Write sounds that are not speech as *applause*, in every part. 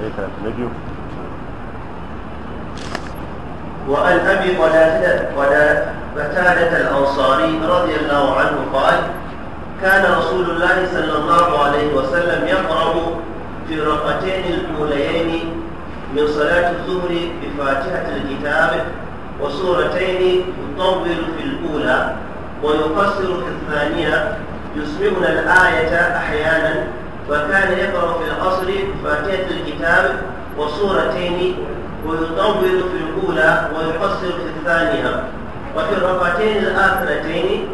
كان في وعن ابي قتادة الانصاري رضي الله عنه قال كان رسول الله صلى الله عليه وسلم يقرأ في الركعتين الاوليين من صلاة الظهر بفاتحة الكتاب وسورتين يطول في الأولى ويقصر في الثانية يسمعنا الآية أحيانا وكان يقرأ في القصر فاتحة الكتاب وصورتين ويطول في الأولى ويقصر في الثانية وفي الركعتين الآخرتين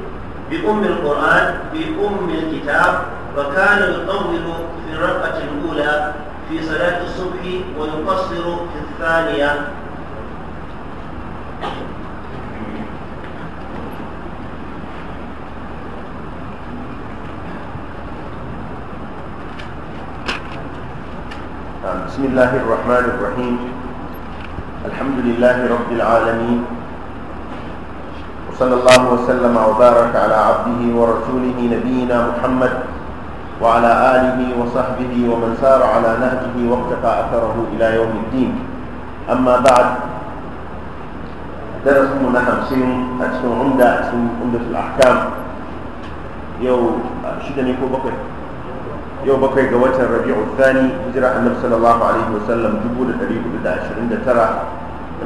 بأم القرآن بأم الكتاب وكان يطول في الركعة الأولى في صلاة الصبح ويقصر في الثانية بسم الله الرحمن الرحيم الحمد لله رب العالمين وصلى الله وسلم وبارك على عبده ورسوله نبينا محمد وعلى آله وصحبه ومن سار على نهجه واقتفى أثره إلى يوم الدين أما بعد درس من سين أتسم عمدة أتسم عمدة الأحكام يو شدني كو yau bakwai ga watan rabi'u thani hijira annabi sallallahu alaihi wasallam 1429 wanda ya dace da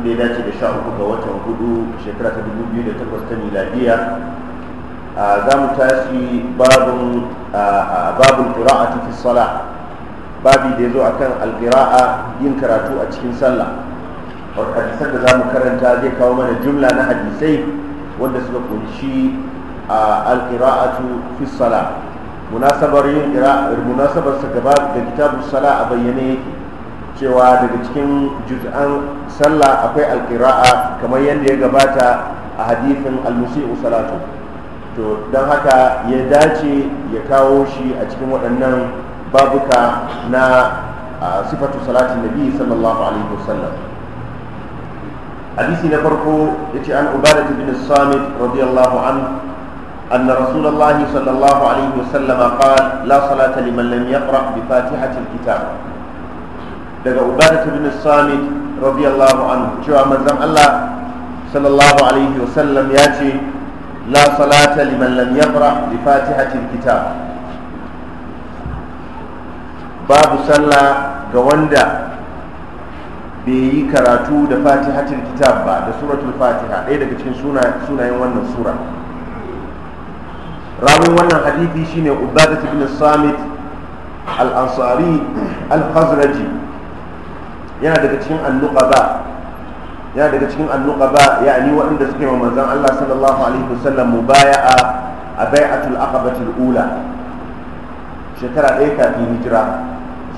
13 ga watan hudu shekara ta 2008 ta miladiya za mu tashi babun babun qira'ati fi salah babi da yazo akan alqira'a yin karatu a cikin sallah A hadisan da za mu karanta zai kawo mana jumla na hadisai wanda suka kunshi alqira'atu fi salah munasabar yin munasabar sa gaba da kitabun sala a bayyane yake cewa daga cikin juz'an sallah akwai alƙira'a kamar yadda ya gabata a hadithin almusi'u salatu to don haka ya dace ya kawo shi a cikin waɗannan babuka na sifatu salatin nabi sallallahu alaihi wasallam hadisi na farko ya ce an ubadatu bin samit radiyallahu anhu أن رسول الله صلى الله عليه وسلم قال لا صلاة لمن لم يقرأ بفاتحة الكتاب دقى عبادة بن الصامت رضي الله عنه شو مزم الله صلى الله عليه وسلم ياتي لا صلاة لمن لم يقرأ بفاتحة الكتاب باب صلى قوندا بي كراتو دفاتحة الكتاب بعد سورة الفاتحة ايه دقى سنة سنة يوانا سورة, سورة rawin wannan hadithi shine ubadat ibn samit al-ansari al-khazraji yana daga cikin annuqaba yana daga cikin annuqaba yani waɗanda suke wa manzon Allah sallallahu alaihi wasallam mubaya'a a bai'atul aqabatul ula shekara ɗaya kafin hijira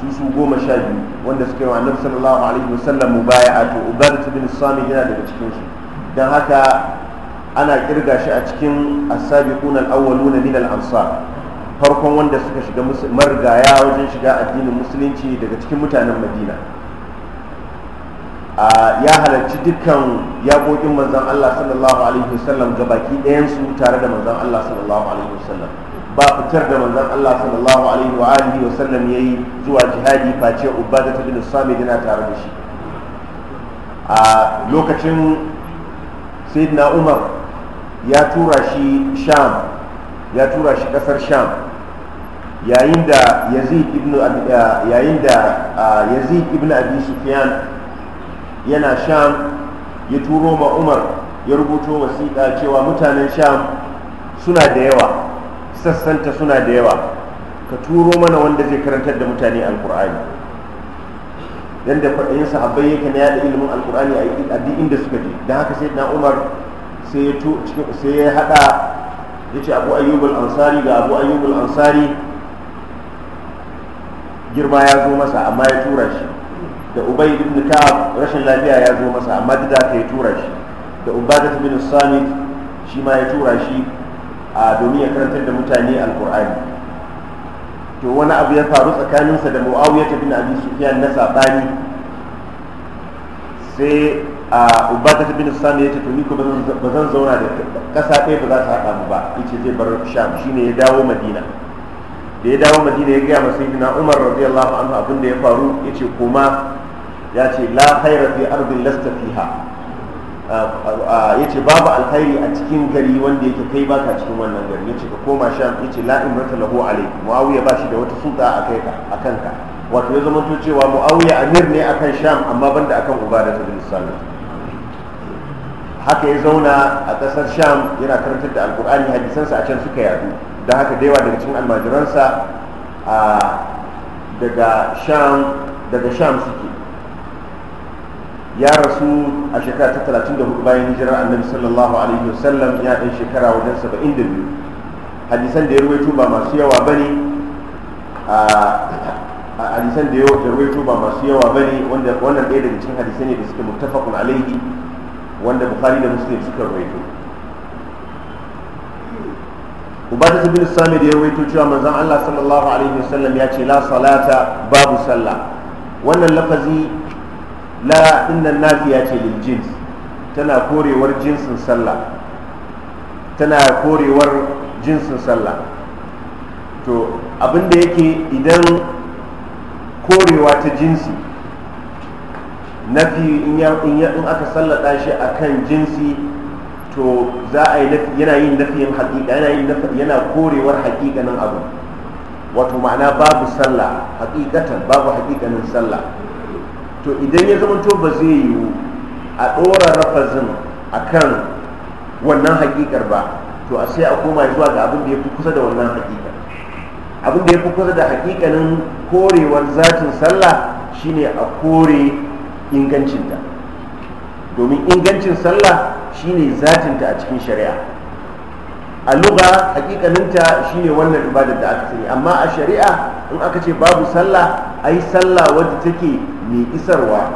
su su goma sha biyu wanda suke wa annabi sallallahu alaihi wasallam mubaya'a to ubadat ibn samit yana daga cikin su dan haka ana kirga shi a cikin asabiquna al min al farkon wanda suka shiga marigaya wajen shiga addinin musulunci daga cikin mutanen madina ya halarci dukkan yaƙoƙin manzan allah sallallahu alaihi wasallam ga baki ɗayansu tare da manzan allah sallallahu alaihi wasallam ba fitar da manzan allah sallallahu alaihi wa alihi wasallam ya zuwa jihadi face ubada ta bin sami yana tare da shi a lokacin sayyidina umar ya tura shi sham ya tura shi kasar sham yayin da yazid ibn yayin da yazid ibn abi sufyan yana sham ya turo ma umar ya rubuto wasiƙa cewa mutanen sham suna da yawa sassanta suna da yawa ka turo mana wanda zai karantar da mutane alkur'ani dan da kwaɗayin sahabbai yake na yada ilimin alkur'ani a duk da suka je don haka sai na umar sai ya haɗa ya ce abu ayyubul ansari ga abu ayyubul ansari girma ya zo masa amma ya tura shi da ubay ibn ka'ab rashin lafiya ya zo masa amma da ka ya tura shi da ubadat bin samit shi ma ya tura shi a domin ya karantar da mutane alkur'ani to wani abu ya faru tsakaninsa da muawiya bin abi sufyan na sabani sai a ubata ta bin sami ya ce to ni ko ba zan zauna da kasa ɗaya ba za su haɗa mu ba yace zai bar sham ne ya dawo madina da ya dawo madina ya gaya sai dina umar radiyallahu anhu abin da ya faru ya ce koma ya ce la khaira fi ardin lasta fiha ce babu alkhairi a cikin gari wanda yake kai baka cikin wannan gari yace ka koma sham yace la imrata lahu alayk muawiya ba shi da wata sulta a kai ka wato ya zama to cewa muawiya amir ne akan sham amma banda akan ubada ta bin sami haka ya zauna a ƙasar sham yana karantar da alkur'ani hadisansa a can suka yadu da haka da yawa daga cikin almajiransa daga sham daga sham suke ya rasu a shekara ta 34 bayan hijirar annabi sallallahu alaihi wasallam ya ɗan shekara wajen 72 hadisan da ya ruwaito ba masu yawa ba ne a hadisan da ya ruwaito ba masu yawa ba ne wanda wannan ɗaya daga cikin hadisan ne da suke muttafaqun alaihi wanda bukhari da muslim suka rawaito ubada bin samir ya rawaito cewa manzan Allah sallallahu alaihi wasallam ya ce la salata babu sallah wannan lafazi la nafiya ce lil jins tana korewar jinsin sallah tana korewar jinsin sallah to abin da yake idan korewa ta jinsi na biyu in aka sallada shi a kan jinsi to za a yi yana yin nafiyin haƙiƙa yana yin yana korewar haƙiƙanin abu wato ma'ana babu sallah haƙiƙatan babu haƙiƙanin sallah to idan ya zama to ba zai yiwu a ɗora rafazin a kan wannan haƙiƙar ba to a sai a koma zuwa ga abin da ya fi kusa da wannan haƙiƙa abin da ya fi kusa da haƙiƙanin korewar zatin sallah shine a kore ingancinta domin ingancin sallah shine zatinta a cikin shari'a a luga hakikaninta shine wannan ibadar da aka sani amma a shari'a in aka ce babu sallah ai sallah wadda take mai isarwa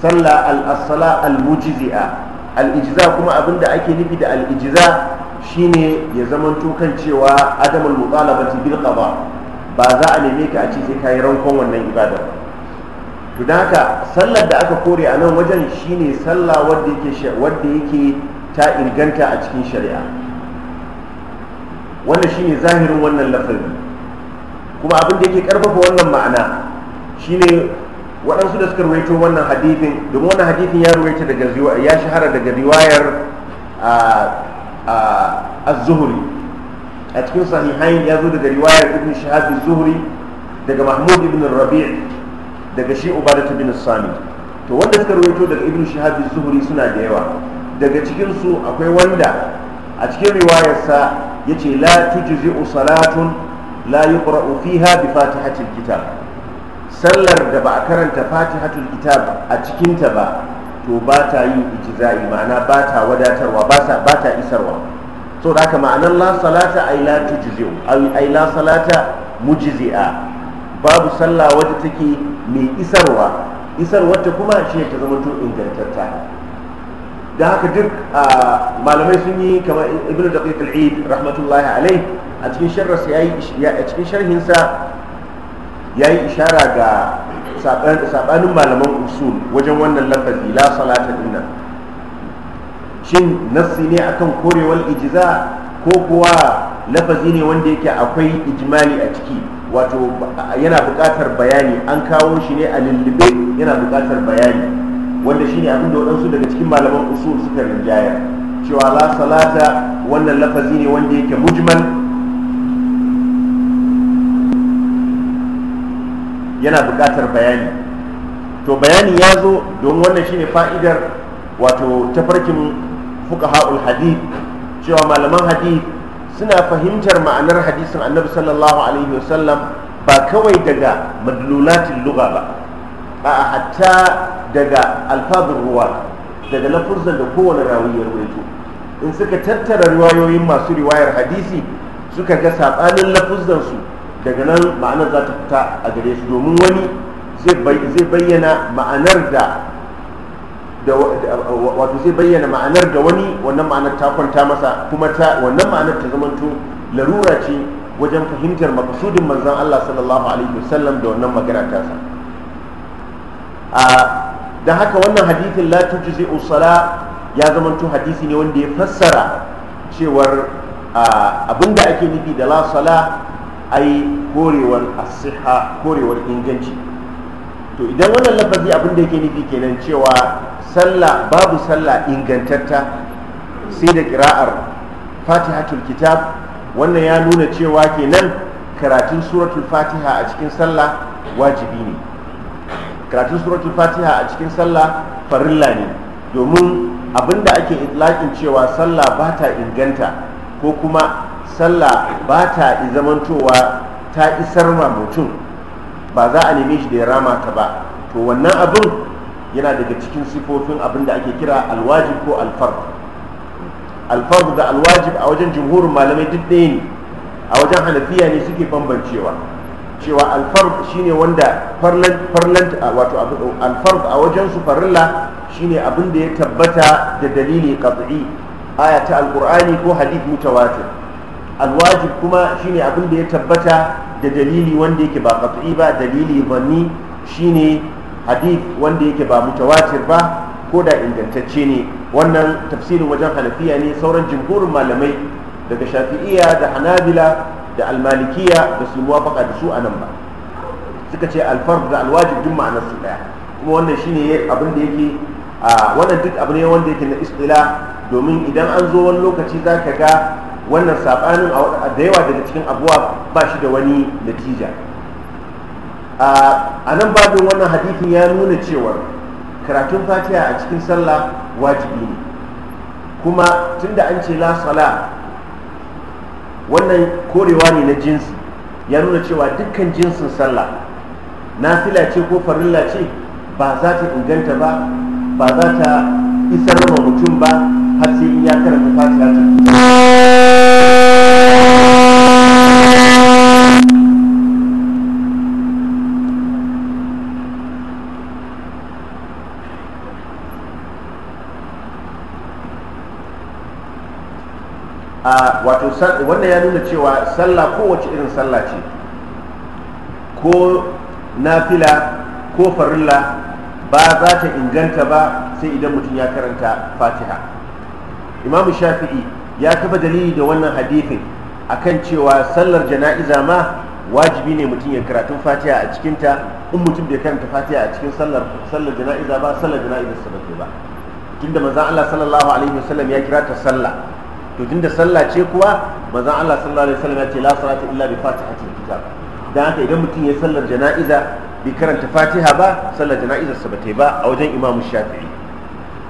sallah al-assala al-mujizi'a al ijiza kuma abinda ake nufi da al-ijza shine ya zamanto kan cewa adamul mutalabati bil qada ba za a neme ka a ce sai kai rankon wannan ibadar Tuna haka sallar da aka kore a nan wajen shine sallah wadda yake wadda yake ta inganta a cikin shari'a wannan shine zahirin wannan lafazi kuma abin da yake karfafa wannan ma'ana shine waɗansu da suka ruwaito wannan hadithin domin wannan hadithin ya ruwaita daga ya shahara daga riwayar az-zuhri a cikin sahihain ya zo daga riwayar ibn shahab zuhri daga mahmud ibn rabi' daga shi ubadatu bin sami to wanda suka rawaito daga ibn shihab zuhuri suna da yawa daga cikin su akwai wanda a cikin riwayarsa yace la tujzi'u salatun la yuqra'u fiha bi fatihatil kitab sallar da ba a karanta fatihatul kitab a cikinta ba to ba ta yin ijza'i ma'ana ba ta wadatarwa ba ta isarwa so da haka ma'anar la salata ay la ay la salata mujzi'a babu sallah wadda take mai isarwa Isar ta kuma shi ta zama to ingantatta da haka duk malamai sun yi kamar ibnu daqiq al-eid rahmatullahi alai, a cikin sharhinsa yayi a cikin sharhinsa yayi ishara ga saɓanin malaman usul wajen wannan lafazi la salata dinnan shin nassi ne akan korewar ijiza ko kuwa lafazi ne wanda yake akwai ijmali a ciki wato yana buƙatar bayani an kawo shi ne a lullube yana buƙatar bayani wanda shi abin da waɗansu daga cikin malaman usul suka rinjaya cewa la salata wannan lafazi ne wanda yake mujmal yana buƙatar bayani to bayani ya zo don wannan ne fa'idar wato tafarkin fuka ha'ul hadith cewa malaman hadith suna fahimtar ma'anar hadisin annabi sallallahu alaihi wasallam ba kawai daga madlulatin luga ba a hatta daga alfazin ruwa daga lafurzan da kowane rawi ya rawaito in suka tattara ruwayoyin masu riwayar hadisi suka ga sabanin lafuzan su daga nan ma'anar za ta fita a gare su domin wani zai bayyana ma'anar da wato zai bayyana ma'anar da wani wannan ma'anar ta kwanta masa kuma ta wannan ma'anar ta zamanto larura ce wajen fahimtar makasudin manzon Allah sallallahu alaihi wasallam da wannan magana ta sa a da haka wannan hadithin la tujzi usala ya zamanto hadisi ne wanda ya fassara cewar abinda ake nufi da la sala ai korewar asiha korewar inganci to idan wannan lafazi abin da yake nufi kenan cewa sallah babu sallah ingantatta sai da kira'ar fatiha kitab wannan ya nuna cewa kenan karatun suratul fatiha a cikin sallah wajibi ne karatun suratul fatiha a cikin sallah farilla ne domin abinda ake itlaƙin cewa sallah ba ta inganta ko kuma sallah ba ta zamantowa ta isar ma mutum ba za a neme shi da ya rama ta ba to wannan abin yana daga cikin sifofin abin da ake kira alwajib ko alfarb alfarb da alwajib a wajen jumhurin malamai duk ɗaya ne a wajen hanafiya ne suke bambancewa cewa alfarb shine wanda farlant wato alfarb a wajen su farilla shine abin da ya tabbata da dalili qat'i aya ta alqur'ani ko hadith mutawatir alwajib kuma shine abin da ya tabbata da dalili wanda yake ba qat'i ba dalili banni shine hadith wanda yake ba mutawatir ba ko da ingantacce ne wannan tafsirin wajen hanafiya ne sauran jimhurin malamai daga shafi'iya da hanabila da almalikiya da su muwafaka da su a nan ba suka ce alfar da alwajib duk ma'anar su daya kuma wannan shine abin da yake a wannan duk abu ne wanda yake na istila domin idan an zo wani lokaci za ka ga wannan sabanin da yawa daga cikin abuwa ba shi da wani natija a nan babin wannan hadithin ya nuna cewa karatun fatiha a cikin sallah wajibi ne kuma tunda an ce la sala wannan korewa ne na jinsi ya nuna cewa dukkan jinsin sallah fila ce ko farilla ce ba za ta inganta ba ba za ta isar mutum ba har sai in ya karanta fatiha ta wannan ya nuna cewa sallah kowace irin sallah ce ko nafila ko farilla ba za ta inganta ba sai idan mutum ya karanta fatiha imamu shafi'i ya kafa dalili da wannan hadifin akan cewa sallar jana'iza ma wajibi ne mutum ya karatu fatiha a cikinta in mutum bai karanta fatiha a cikin sallar sallar jana'iza ba sallar jana'iza ba ba tunda manzon Allah sallallahu alaihi wasallam ya kira ta sallah to da sallah ce kuwa manzon Allah sallallahu alaihi wasallam ya ce la salata illa bi fatihatil kitab dan haka idan mutum ya sallar jana'iza bi karanta fatiha ba sallar jana'izar sa bata ba a wajen imamu shafi'i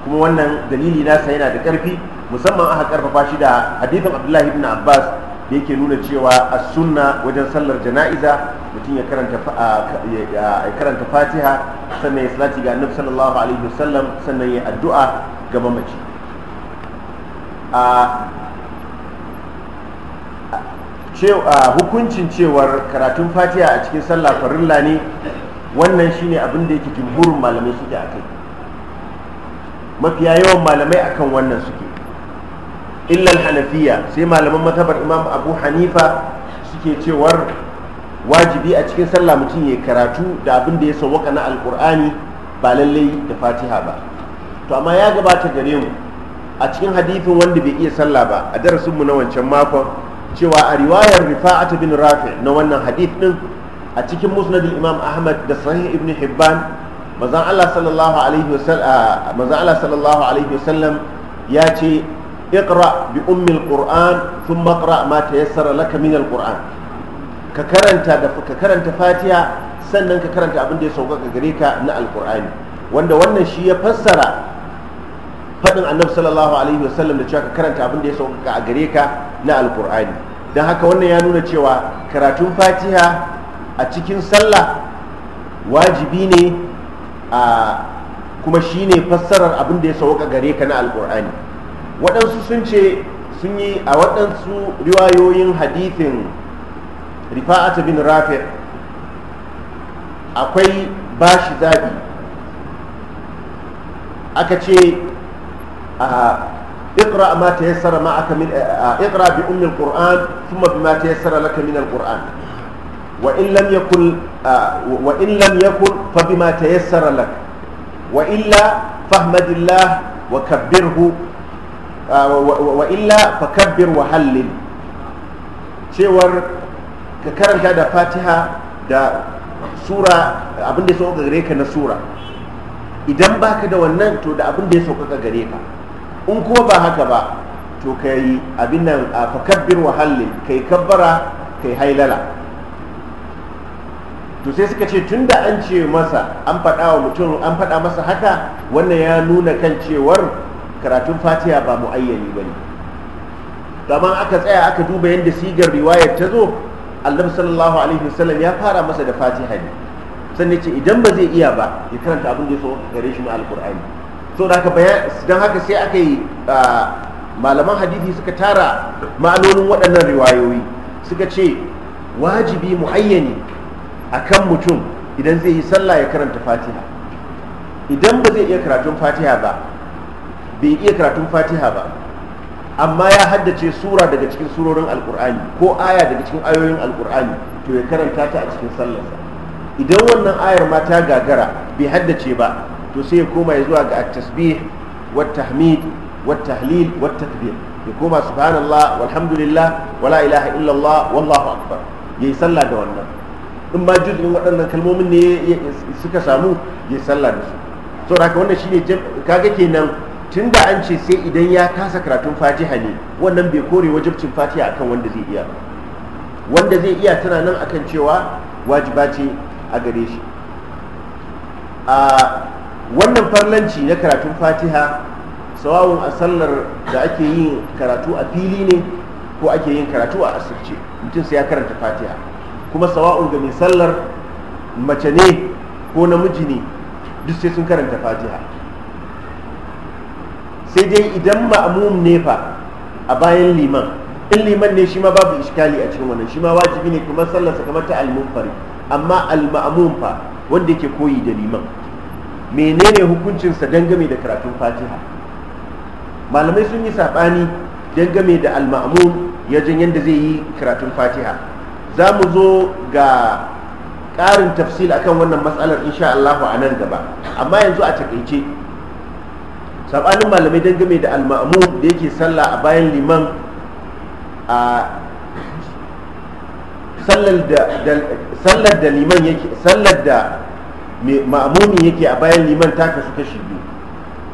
kuma wannan dalili nasa yana da karfi musamman aka karfafa shi da hadithin abdullahi ibn abbas da yake nuna cewa a sunna wajen sallar jana'iza mutum ya karanta fatiha sannan ya salati ga annabi sallallahu alaihi wasallam sannan ya addu'a ga mamaci A hukuncin cewar karatun fatiha a cikin sallah farilla ne wannan shine abin da yake jimhurin malamai suke a kai, mafiya yawan malamai akan wannan suke illal hanafiya sai malaman matabar imam abu hanifa suke cewar wajibi a cikin sallah mutum ya karatu da abin da ya sauwaka na alkur'ani ba lallai da fatiha ba to amma ya gabata gare mu a cikin hadithin wanda bai iya sallah ba a darasinmu na wancan makon cewa a riwayar rifa'at bin rafi na wannan hadith din a cikin musnad imam ahmad da sahih ibn hibban mazan Allah sallallahu alaihi wasallam Allah sallallahu alaihi wasallam ya ce iqra bi ummi alquran thumma iqra ma tayassara laka min alquran ka karanta da ka karanta fatiha sannan ka karanta abin da ya sauka gare ka na alqurani wanda wannan shi ya fassara faɗin annabi sallallahu alaihi wa sallam da cewa ka karanta abin da ya sauka a gare ka na alkur'ani don haka wannan ya nuna cewa karatun fatiha a cikin sallah wajibi ne a kuma shi ne fassarar abin da ya sauka gare ka na alkur'ani waɗansu sun ce sun yi a waɗansu riwayoyin hadithin rifa'at bin rafi akwai bashi zabi aka ce اقرأ ما تيسر معك من اقرأ بأم القرآن ثم بما تيسر لك من القرآن وإن لم يكن وإن لم يكن فبما تيسر لك وإلا فاحمد الله وكبره وإلا فكبر وهلل cewar ka karanta da fatiha da sura abinda ya sauka gare ka na sura idan baka da wannan to da abinda ya sauka gare ka in kuma ba haka ba to ka yi abin nan a fakabbir wa ka yi kabbara ka yi hailala to sai suka ce tun da an ce masa an faɗa wa mutum an faɗa masa haka wannan ya nuna kan cewar karatun fatiha ba mu ayyani ba ne domin aka tsaya aka duba yadda sigar riwayar ta zo annabi sallallahu alaihi wasallam ya fara masa da fatiha ne sannan ce idan ba zai iya ba ya karanta abin da ya so gare shi na alkur'ani so da haka bayan don haka sai aka yi malaman hadithi suka tara ma'anonin waɗannan riwayoyi suka ce wajibi mu a akan mutum idan zai yi sallah ya karanta fatiha idan ba zai iya karatun fatiha ba bai iya karatun fatiha ba amma ya haddace sura daga cikin surorin alkur'ani ko aya daga cikin ayoyin alkur'ani to ya karanta ta a cikin sallarsa idan wannan ayar ma ta gagara bai haddace ba to sai ya koma ya zuwa ga at-tasbih wa tahmid wa tahlil wa takbir ya koma subhanallah walhamdulillah wala ilaha illallah wallahu akbar yayi sallah da wannan in ma juz'in waɗannan kalmomin ne suka samu yayi sallah da su saboda haka wannan shine kaga kenan tun da an ce sai idan ya kasa karatun fatiha ne wannan bai kore wajibcin fatiha akan wanda zai iya wanda zai iya tana nan akan cewa wajiba ce a gare shi a wannan farlanci na karatun fatiha sawawun a sallar da ake yin karatu a fili ne ko ake yin karatu a asirce mutum sai ya karanta fatiha kuma sawa'un ga mai sallar mace ne ko namiji ne duk sai sun karanta fatiha sai dai idan ma'amum ne fa a bayan liman in liman ne shi ma babu iskali a cikin wannan shi ma wajibi ne kuma sallarsa kamar ta almunfari amma al-ma'amum fa wanda yake koyi da liman menene hukuncinsa dangame da karatun fatiha malamai sun yi saɓani dangame da almamun yajin yadda zai yi karatun fatiha za mu zo ga ƙarin tafsil akan wannan matsalar insha Allah a nan gaba amma yanzu a takaice saɓanin malamai dangame da almamun da yake sallah a bayan liman a sallar da liman yake sallar da ma'amuni yake a bayan liman ta kasu kashi biyu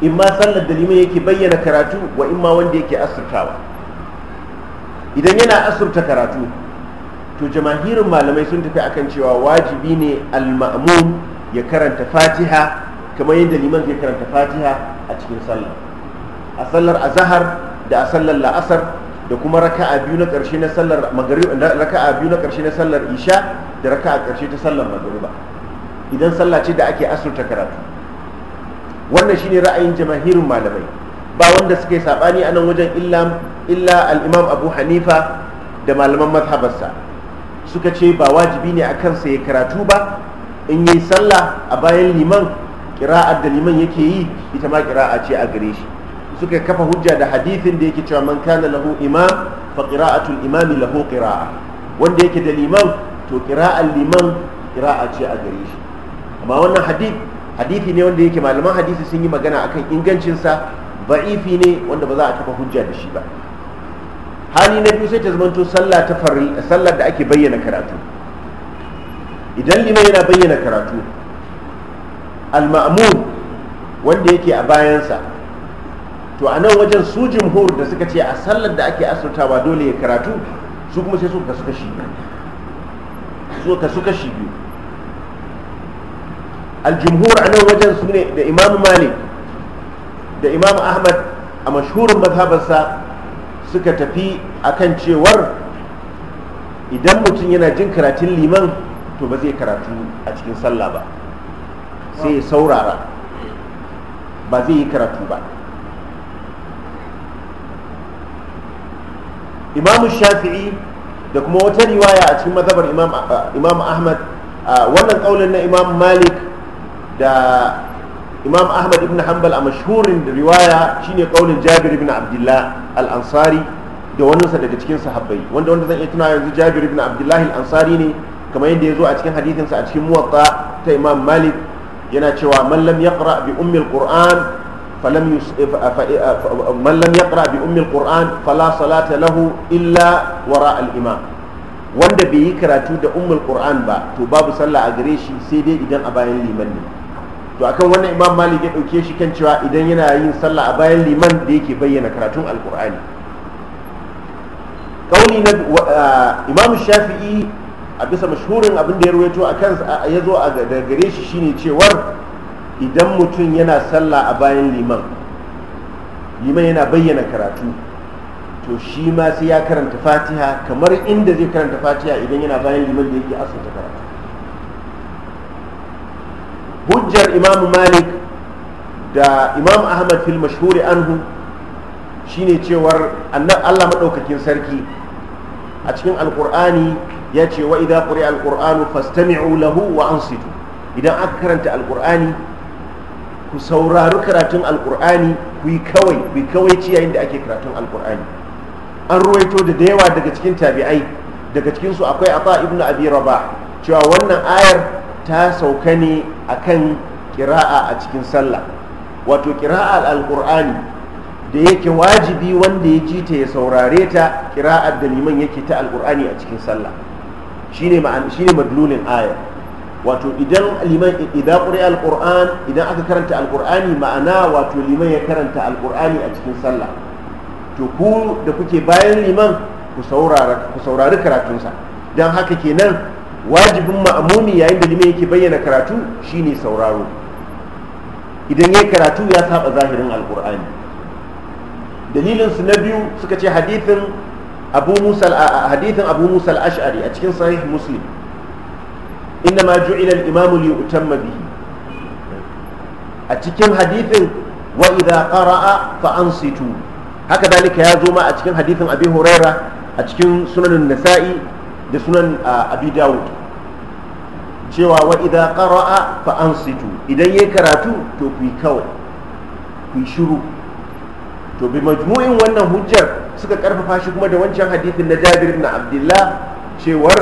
in ma sallar da liman yake bayyana karatu wa in ma wanda yake asirtawa idan yana asirta karatu to jamahirin malamai sun tafi akan cewa wajibi ne al maamun ya karanta fatiha kamar yadda liman zai karanta fatiha a cikin sallar a sallar azahar da a sallar la'asar da kuma raka'a biyu na karshe na sallar magariba raka'a biyu na karshe na sallar isha da raka'a karshe ta sallar magariba idan sallah ce da ake asirta karatu wannan shine ra'ayin jamahirin malamai ba wanda suka yi sabani a nan wajen illa Al'imam abu hanifa da malaman mazhabarsa suka ce ba wajibi ne a kansa ya karatu ba in yi sallah a bayan liman kira'ar da liman yake yi ita ma kira'a ce a gare shi suka kafa hujja da hadithin da yake cewa man kana lahu imam fa qira'atul imami lahu qira'a wanda yake da liman to ƙira'ar liman qira'a ce a gare shi amma wannan hadith hadithi ne wanda yake malaman hadisi sun yi magana akan ingancinsa ba'ifi ne wanda ba za a taɓa hujja da shi ba hali na biyu sai ta zamanto sallah ta farri sallar da ake bayyana karatu idan lima yana bayyana karatu al-ma'mun wanda yake a bayansa to a nan wajen su jumhur da suka ce a sallar da ake asirtawa dole ya karatu su kuma sai suka suka shi biyu الجمهور a nan wajen ده da imam malik da imam ahmad a mashurin mazhabarsa suka tafi akan cewar idan mutum yana jin karatun liman to ba zai karatu a cikin sallah ba sai ya saurara ba zai yi karatu ba imamu shafi'i da kuma wata riwaya a cikin mazhabar imam ahmad wannan kaulin na imam malik da imam ahmad ibn hanbal a mashhurin riwaya shine kaulin jabir ibn abdullah al-ansari da sa daga cikin sahabbai wanda wanda zan iya tuna yanzu jabir ibn abdullah al-ansari ne kamar yadda yazo zo a cikin hadithinsa a cikin muwatta ta imam malik yana cewa man lam yaqra bi ummi al-qur'an falam eh, eh, man lam yaqra bi ummi al-qur'an fala salata lahu illa wara al-imam wanda bai yi karatu da ummul qur'an ba to babu sallah a gare shi sai dai idan a bayan liman ne to akan wannan imam malik ya dauke shi kan cewa idan yana yin sallah a bayan liman da yake bayyana karatun alkur'ani kauli na imam shafi'i a bisa mashhurin abin da ya ruwaito a kan ya zo a gare shi shine cewar idan mutum yana sallah a bayan liman liman yana bayyana karatu to shi ma sai ya karanta fatiha kamar inda zai karanta fatiha idan yana bayan liman da yake asanta karatu hujjar imam malik da imam ahmad fil mashhuri anhu shine cewar allah maɗaukakin sarki a cikin alkur'ani ya ce wa idan ƙuri alkur'anu fastami'u lahu wa ansitu idan aka karanta alkur'ani ku saurari karatun alkur'ani ku yi kawai ku kawai ci yayin da ake karatun alkur'ani an ruwaito da da yawa daga cikin tabi'ai daga cikinsu akwai ata ibnu abi rabah cewa wannan ayar ta sauka ne a kan kira'a a cikin sallah wato kira'a Alƙur'ani da yake wajibi wanda ya ji ta ya saurare ta kira'ar da liman yake ta alkur'ani a cikin sallah shine ma'an shine madlulin ayar wato idan liman idan quri alquran idan aka karanta alqurani ma'ana wato liman ya karanta alqurani a cikin sallah to ku da kuke bayan liman ku saurara ku saurari karatunsa dan haka kenan wajibin ma'amumi yayin da liman yake bayyana karatu shine sauraro idan yayi karatu ya saba zahirin alkur'ani dalilin su na biyu suka ce hadithin abu musa hadithin abu musa al-ash'ari a cikin sahih muslim inna ma ju'ila al-imamu li bihi a cikin hadithin wa idha qara'a fa ansitu haka dalika ya zo ma a cikin hadithin abi huraira a cikin sunanin nasa'i da sunan abi dawud cewa wa idza qara'a fa ansitu idan yayi karatu to ku kawai ku shiru to bi majmu'in wannan hujjar suka karfafa shi kuma da wancan hadithin na Jabir ibn Abdullah cewar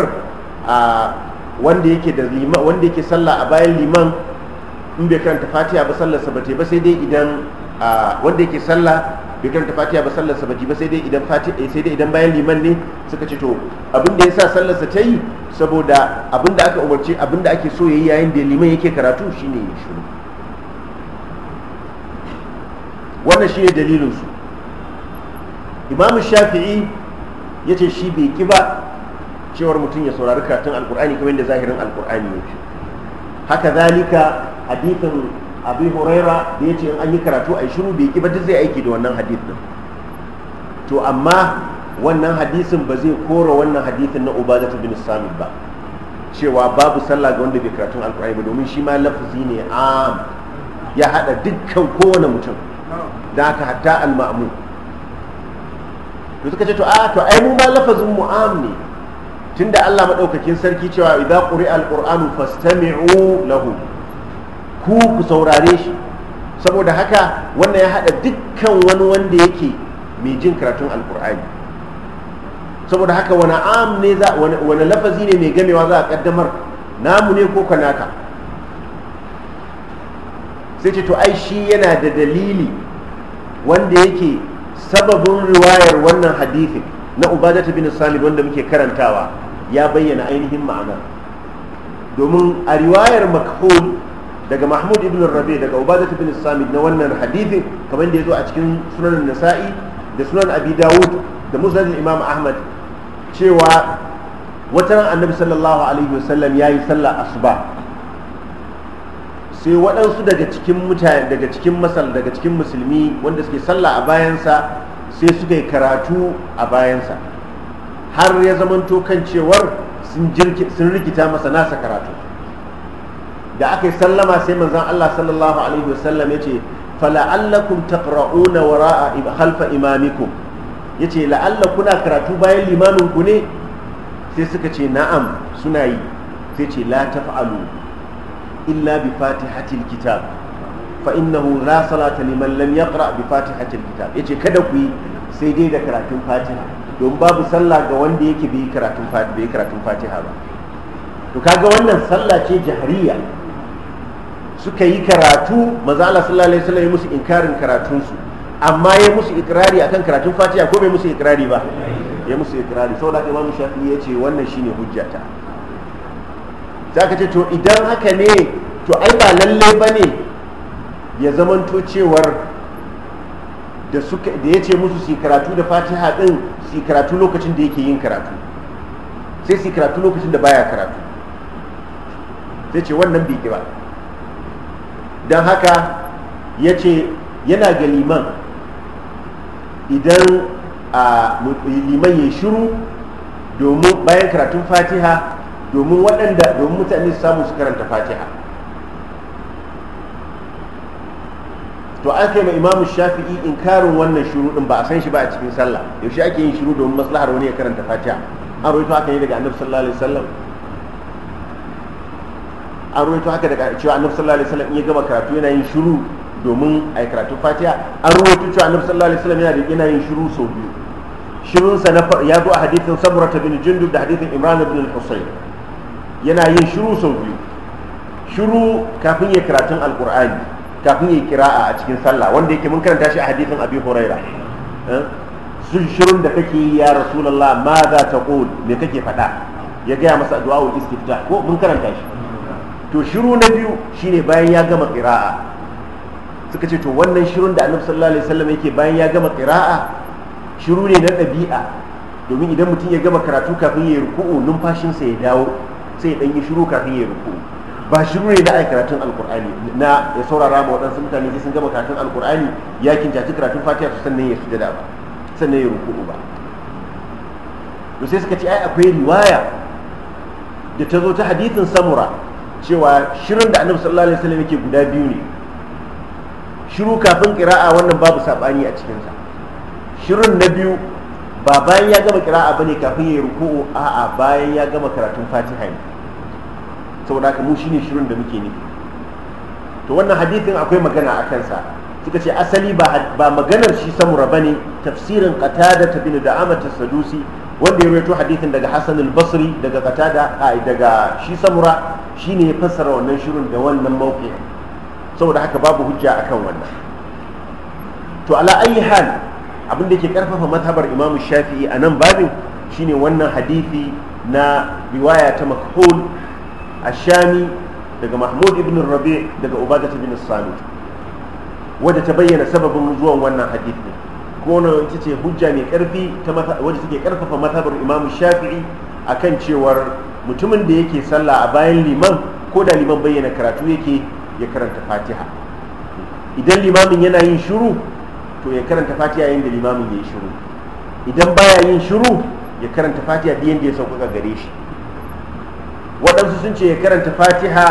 wanda yake da liman wanda yake sallah a bayan liman in bai karanta Fatiha ba sallarsa ba ba sai dai idan wanda yake sallah bai ta fatiha ba sallarsa ba ji ba sai dai idan fatiya eh, sai dai idan bayan liman ne suka ce to abin da yasa sallarsa ta yi saboda abin da aka umarci abin da ake so yayi yayin da liman yake karatu shine ya shiru wannan shine dalilin su imamu shafi'i yace shi bai ki ba cewar mutum ya saurari karatun alkur'ani kamar yadda zahirin alkur'ani yake haka zalika hadithin abu huraira da ya ce in an yi karatu a shiru bai ba duk zai aiki da wannan hadith din to amma wannan hadisin ba zai kora wannan hadisin na ubadatu bin samit ba cewa babu sallah ga wanda bai karatun alkur'ani ba domin shi ma lafazi ne am ya hada dukkan kowane mutum da aka hatta al to suka ce to a ah, to ai mu ma lafazin mu'am ne tunda Allah madaukakin sarki cewa idza quri'a al-qur'anu fastami'u lahu ku ku saurare shi saboda haka wannan ya haɗa dukkan wani wanda yake mai jin karatun alkur'ani saboda haka wani am ne za wani lafazi ne mai gamewa za a kaddamar namu ne ko kanaka sai ce to ai shi yana da dalili wanda yake sababin riwayar wannan hadithin na ta bin salib wanda muke karantawa ya bayyana ainihin ma'ana domin a riwayar makhul daga mahmud ibn rabi daga ubadat ibn samid na wannan hadithin kamar da ya zo a cikin sunan nasa'i da sunan abi dawud da musnad imam ahmad cewa wata ran annabi sallallahu alaihi wasallam yayi sallah asuba sai wadansu daga cikin mutane daga cikin masal daga cikin musulmi wanda suke sallah a bayansa sai suka yi karatu a bayansa har ya zamanto kan cewar sun rikita masa nasa karatu da aka yi sallama sai manzan Allah sallallahu alaihi wasallam yace fala'allakum taqra'una wara'a khalfa imamikum ce, la'alla kuna karatu bayan limamin ku ne sai suka ce na'am suna yi sai ce la taf'alu illa bi fatihatil kitab fa innahu la salata liman lam yaqra bi fatihatil kitab yace kada ku yi sai dai da karatun fatiha don babu sallah ga wanda yake bai karatun fatiha ba to kaga wannan sallah ce jahriya suka yi karatu manzo Allah sallallahu alaihi wasallam ya musu inkarin karatunsu amma ya musu ikrari akan karatun Fatiha ko bai musu ikrari ba ya musu ikrari saboda Imam shafi ya ce wannan shine hujjata zaka ce to idan haka ne to ai ba lalle bane ya zamanto cewar da suka da yace musu su karatu da Fatiha din su karatu lokacin da yake yin karatu sai su karatu lokacin da baya karatu sai ce wannan bai ba don haka ya ce yana ga liman idan a liman ya shiru domin bayan karatun fatiha domin waɗanda domin mutane su samu su karanta fatiha to an kai ma imamu shafi'i in inkarin wannan shiru din ba a san shi ba a cikin sallah yaushe ake yin shiru domin maslahar wani ya karanta fatiha an rawaito haka ne daga annabi sallallahu alaihi wasallam an ruwaito haka da cewa annabi sallallahu alaihi wasallam ya gama karatu yana yin shiru domin a yi karatun fatiha an ruwaito cewa annabi sallallahu alaihi wasallam yana yana yin shiru sau biyu shirunsa na ya zo a hadithin ta bin jundub da hadithin imran bin husayn yana yin shiru sau biyu shiru kafin ya karatun alqur'ani kafin ya kira'a a cikin sallah wanda yake mun karanta shi a hadithin abi huraira eh? sun shirin da kake yi ya rasulullah ma za ta me kake faɗa ya gaya masa du'a ul istiftah ko mun karanta shi to shiru na biyu shine bayan ya gama qira'a suka ce to wannan shirun da annabi sallallahu alaihi wasallam yake bayan ya gama qira'a shiru ne na ɗabi'a domin idan mutum ya gama karatu kafin ya ruku'u numfashinsa ya dawo sai ya dan yi shiru kafin ya ruku'u ba shiru ne na karatun alkur'ani na ya saurara ma waɗansu mutane sai sun gama karatun alkur'ani ya kintaci karatun fatiha su sannan ya sujada ba sannan ya ruku'u ba to sai suka ce ai akwai riwaya da ta zo ta hadithin samura cewa shirin da annabi sallallahu alaihi wasallam yake guda biyu ne shiru kafin kira'a wannan babu sabani a cikinsa shirin na biyu ba bayan ya gama kira'a bane kafin ya yi ruku'u a'a bayan ya gama karatun fatiha ne saboda haka mu shine shirin da muke nufi to wannan hadithin akwai magana a kansa suka ce asali ba maganar shi samura bane tafsirin qatada ta bin da'amat as-sadusi wanda ya rawaito hadithin daga Hassan al-Basri daga Qatada daga shi Samura shine ya fassara wannan shirin da wannan mawqi saboda haka babu hujja akan wannan to ala ayi hal abin da ke karfafa mazhabar Imam Shafi'i a nan babin shine wannan hadithi na riwaya ta makhul ashami daga Mahmud ibn Rabi' daga Ubadah ibn Samit wadda ta bayyana sababin zuwan wannan hadithi kuma wannan ita ce hujja mai karfi ta wadda take karfafa mazhabar imamu shafi'i akan cewar mutumin da yake sallah a bayan liman ko da liman bayyana karatu yake ya karanta fatiha idan limamin yana yin shiru to ya karanta fatiha yayin da limamin ya yi shiru idan baya yin shiru ya karanta fatiha da yadda ya sauƙaƙa gare shi waɗansu sun ce ya karanta fatiha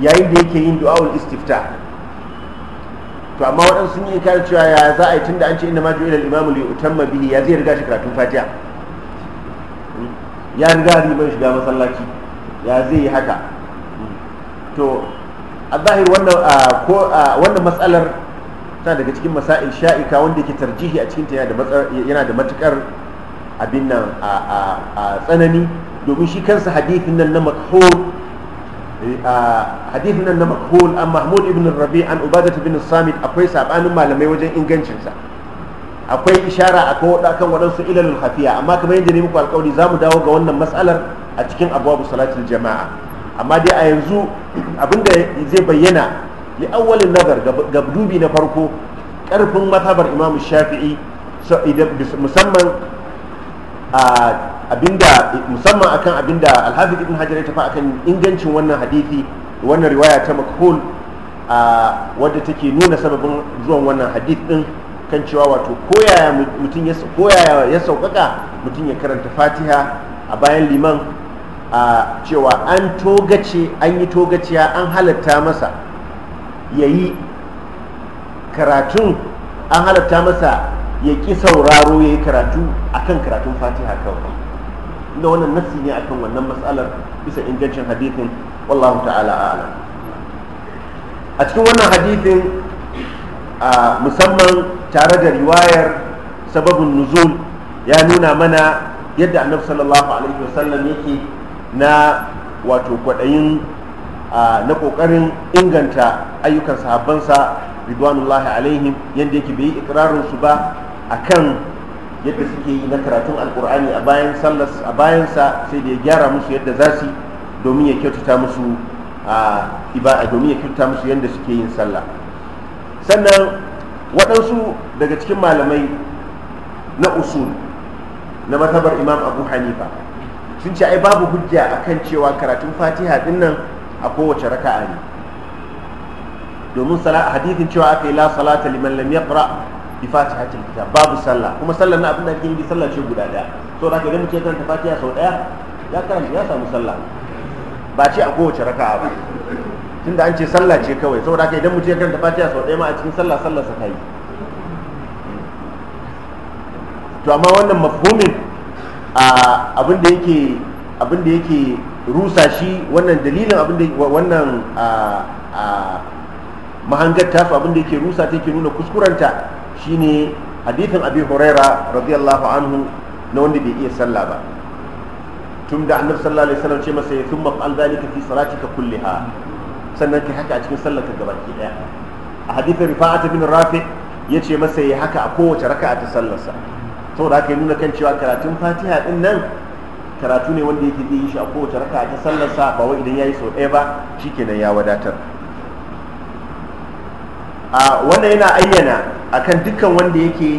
yayin da yake yin du'a'ul istifta to amma waɗansu sun yi ikar cewa ya za a yi tunda an ce inda maju ilal imamu li utamma bihi ya zai riga shi karatun fatiha ya riga riban shiga masallaci ya zai yi haka to a zahir wannan ko wannan matsalar tana daga cikin masail sha'ika wanda yake tarjihi a cikin ta yana da matukar abin nan a tsanani domin shi kansa hadithin nan na makhur Eh, ah, hadithin nan na makhul an mahmud ibn rabi an ubadat ibn samit akwai sabanin malamai wajen ingancinsa akwai ishara a kan waɗansu ilalul hafiya amma kamar yadda ne muku alƙawari za mu dawo ga wannan matsalar a cikin abubuwa salatul jama'a amma dai a yanzu *clears throat* abinda zai bayyana li awwalin nazar ga dubi na farko karfin mazhabar imamu shafi'i musamman a ah, abinda musamman akan abinda alhafiz ibn hajar ya tafi akan ingancin wannan hadisi wannan riwaya ta makhul a wadda take nuna sababin zuwan wannan hadith din kan cewa wato koyaya ya koyaya ya saukaka mutum ya karanta fatiha a bayan liman a cewa an togace an yi togaciya an halatta masa ya yi karatun an halatta masa ya ƙi sauraro ya yi karatu akan karatun fatiha kawai inda wannan nassi ne akan wannan matsalar bisa ingancin hadithin wallahu ta'ala a'lam a cikin wannan hadithin musamman tare da riwayar sababin nuzul ya nuna mana yadda annabi sallallahu alaihi wasallam yake na wato kwaɗayin na ƙoƙarin inganta ayyukan sahabbansa ridwanullahi alaihim yadda yake bai yi su ba akan yadda suke yi na karatun alkur'ani a bayan sallas a bayansa sai da ya gyara musu yadda za su domin ya kyautata musu a ibada domin ya kyautata musu yadda suke yin sallah sannan waɗansu daga cikin malamai na usul na matabar imam abu hanifa sun ce ai babu hujja kan cewa karatun fatiha din nan a kowace raka'a ne domin hadithin cewa aka yi la salata liman lam yaqra bi fatihatil kitab babu sallah kuma sallah na abin da ake yi sallah ce guda daya to da ka ga mutum ya karanta fatiha sau daya ya karanta ya samu sallah ba ce a kowace raka'a ba tunda an ce sallah ce kawai saboda haka idan mutum ya karanta fatiha sau daya ma a cikin sallah sallar sa kai to amma wannan mafhumin abin da yake abin da yake rusa shi wannan dalilin abin da wannan mahangar tasu abin da yake rusa ta yake nuna kuskuranta shine hadithin abi huraira radiyallahu anhu na wanda bai iya sallah ba tun da annabi sallallahu alaihi wasallam ce masa yathum maf'al zalika fi salatika kulliha sannan kai haka a cikin sallar ka gabaki daya a hadithin rifa'at bin rafi yace masa yayi haka a kowace raka'a ta sallarsa saboda haka ya nuna kan cewa karatun fatiha din nan karatu ne wanda yake yi shi a kowace raka'a ta sallarsa ba wai idan yayi sau ɗaya ba shikenan ya wadatar a wannan yana ayyana akan dukkan wanda yake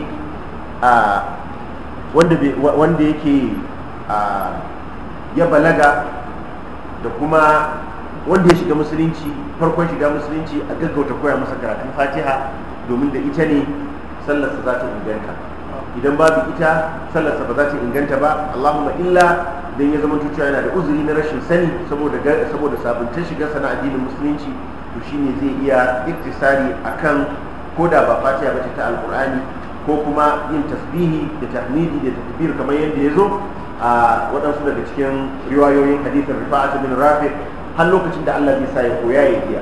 wanda yake ya balaga da kuma wanda ya shiga musulunci farkon shiga musulunci a gaggauta koya masa karatun fatiha domin da ita ne sallarsa za ta inganta idan babu ita sallarsa ba za ta inganta ba allahumma illa don ya zama cewa yana da uzuri na rashin sani saboda saboda sabuntar shiga sana'a addinin musulunci to shine zai iya iktisari akan ko da ba fatiha ba ta alkur'ani ko kuma yin tasbihi da tahmidi da takbir kamar yadda ya zo a waɗansu daga cikin riwayoyin hadithin rifa'a bin rafi har lokacin da Allah zai sa ya koya ya iya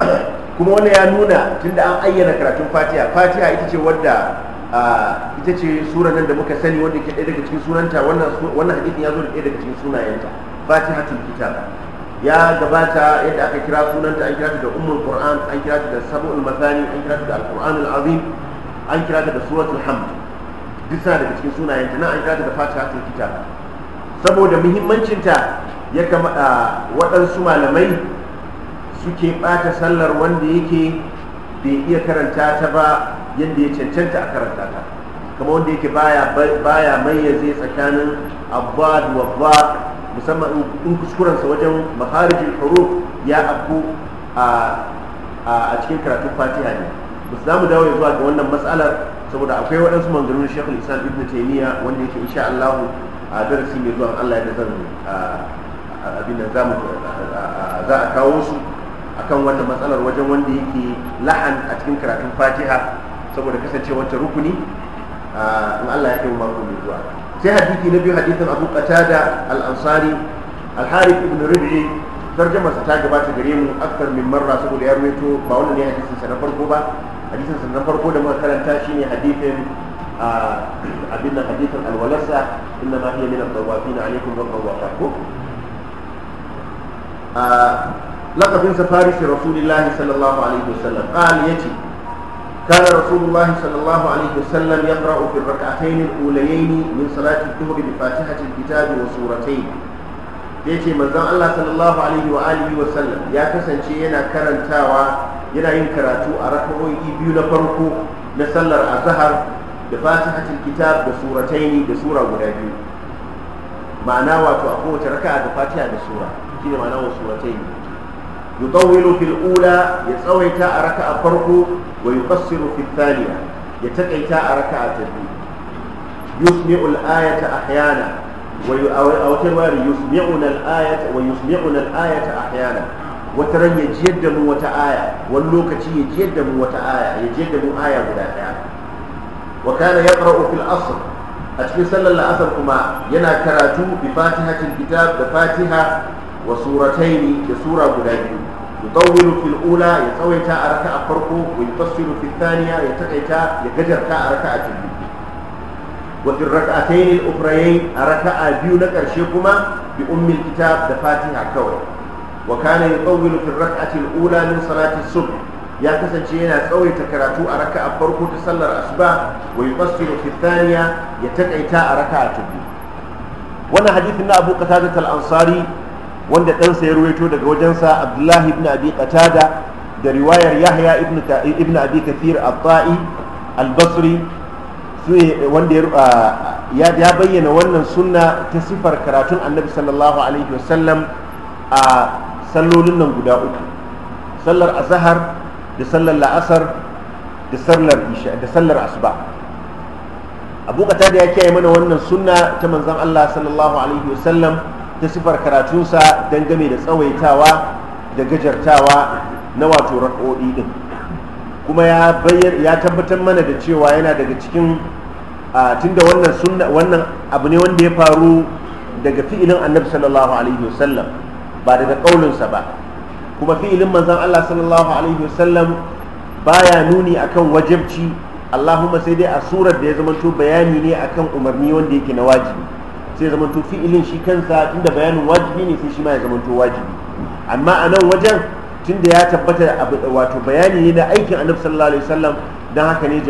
*coughs* kuma wannan ya nuna tunda an ayyana karatun fatiha fatiha ita ce wadda ita ce sura nan da muka sani wanda ke ɗaya daga cikin sunanta wannan hadisin ya zo da ɗaya daga cikin sunayenta fatihatul kitab ya gabata yadda aka kira sunanta an kira ta da ummul qur'an an kira ta da sab'ul mathani an kira ta da alquran alazim an kira ta da suratul hamd duk suna daga cikin sunayen ta an kira ta da ta kita saboda muhimmancinta ya kama waɗansu malamai suke bata sallar wanda yake bai iya karanta ta ba yadda ya cancanta a karanta ta kamar wanda yake baya baya mayyaze tsakanin abbad wa musamman in kuskurensa wajen maharijin huruf ya afku a cikin karatun fatiha ne ba za mu dawo zuwa ga wannan matsalar saboda akwai waɗansu manzannin shekul islam ibn taimiyya wanda yake insha allahu a darasi mai zuwa allah ya zan abin da za a kawo su akan wannan matsalar wajen wanda yake la'an a cikin karatun fatiha saboda kasancewar ta rukuni in Allah ya kai mako mai zuwa sai hadisi na biyu hadisin Abu Qatada al-Ansari al-Harith ibn Rabi'i tarjumar sa ta gabata gare mu akthar min marra saboda ya rawaito ba wannan ne hadisin sa na farko ba hadisin sa na farko da muka karanta shine hadisin abin da hadisin al-walasa inna ma hiya min al-tawafin alaykum wa tawafatu laqabin sa farisi rasulillahi sallallahu alaihi wasallam qal yati كان رسول الله صلى الله عليه وسلم يقرأ في الركعتين الأوليين من صلاة الظهر بفاتحة الكتاب وسورتين yace manzon Allah sallallahu alaihi wa alihi wa ya kasance yana karantawa yana yin karatu a rakawoyi biyu na farko na sallar azhar da fatihatul kitab da surataini da sura guda biyu ma'ana wato kowace raka'a da fatiha da sura يطول في الأولى تاء ركعة فرق ويقصر في الثانية يتقي تاء ركعة تبيه يسمع الآية أحيانا أو تنوار يسمعنا الآية ويسمعنا الآية أحيانا وترن يجد موت آية واللوكة يجد موت آية يجد من آية من آية وكان يقرأ في الأصل أشكي صلى الله عليه وسلم ينا كراتو بفاتحة الكتاب بفاتحة وسورتين بسورة بلاجين يطول في الأولى يتويتا أركع فرقه ويقصر في الثانية يتقيتا يقجرتا أركع تبيه وفي الركعتين الأخريين أركع بيولك أرشيكما بأم الكتاب دفاتها كوي وكان يطول في الركعة الأولى من صلاة الصبح ya kasance yana tsawaita karatu a raka a farko ta sallar asuba wa yuqassiru fi thaniya ya takaita a raka ta biyu wannan hadithin na Abu Qatadah al-Ansari wanda ɗansa ya ruwaito daga wajensa abdullahi ibn abi qatada da riwayar yahya ibn abi kathir al-ta'i al-basri wanda ya bayyana wannan sunna ta sifar karatun annabi sallallahu alaihi wasallam a sallolin nan guda uku sallar azhar da sallar la'asar da sallar isha da sallar asuba abu qatada ya kiyaye mana wannan sunna ta manzon Allah sallallahu alaihi wasallam ta sifar karatunsa game da tsawaitawa da gajartawa na wato raƙoɗi ɗin kuma ya tabbatar mana da cewa yana daga cikin tunda wannan wannan abu ne wanda ya faru daga fi'ilin annabi sallallahu alaihi wasallam ba daga ƙaulinsa ba kuma fi'ilin manzon Allah sallallahu alaihi wasallam baya nuni akan wajabci Allahumma sai dai a surar da ya zama to bayani ne akan umarni wanda yake na wajibi sai zama to fi'ilin shi kansa tunda bayanin wajibi ne sai shi ma ya zama to wajibi amma a nan wajen tunda ya tabbata wato bayani ne na aikin annabi sallallahu alaihi wasallam dan haka ne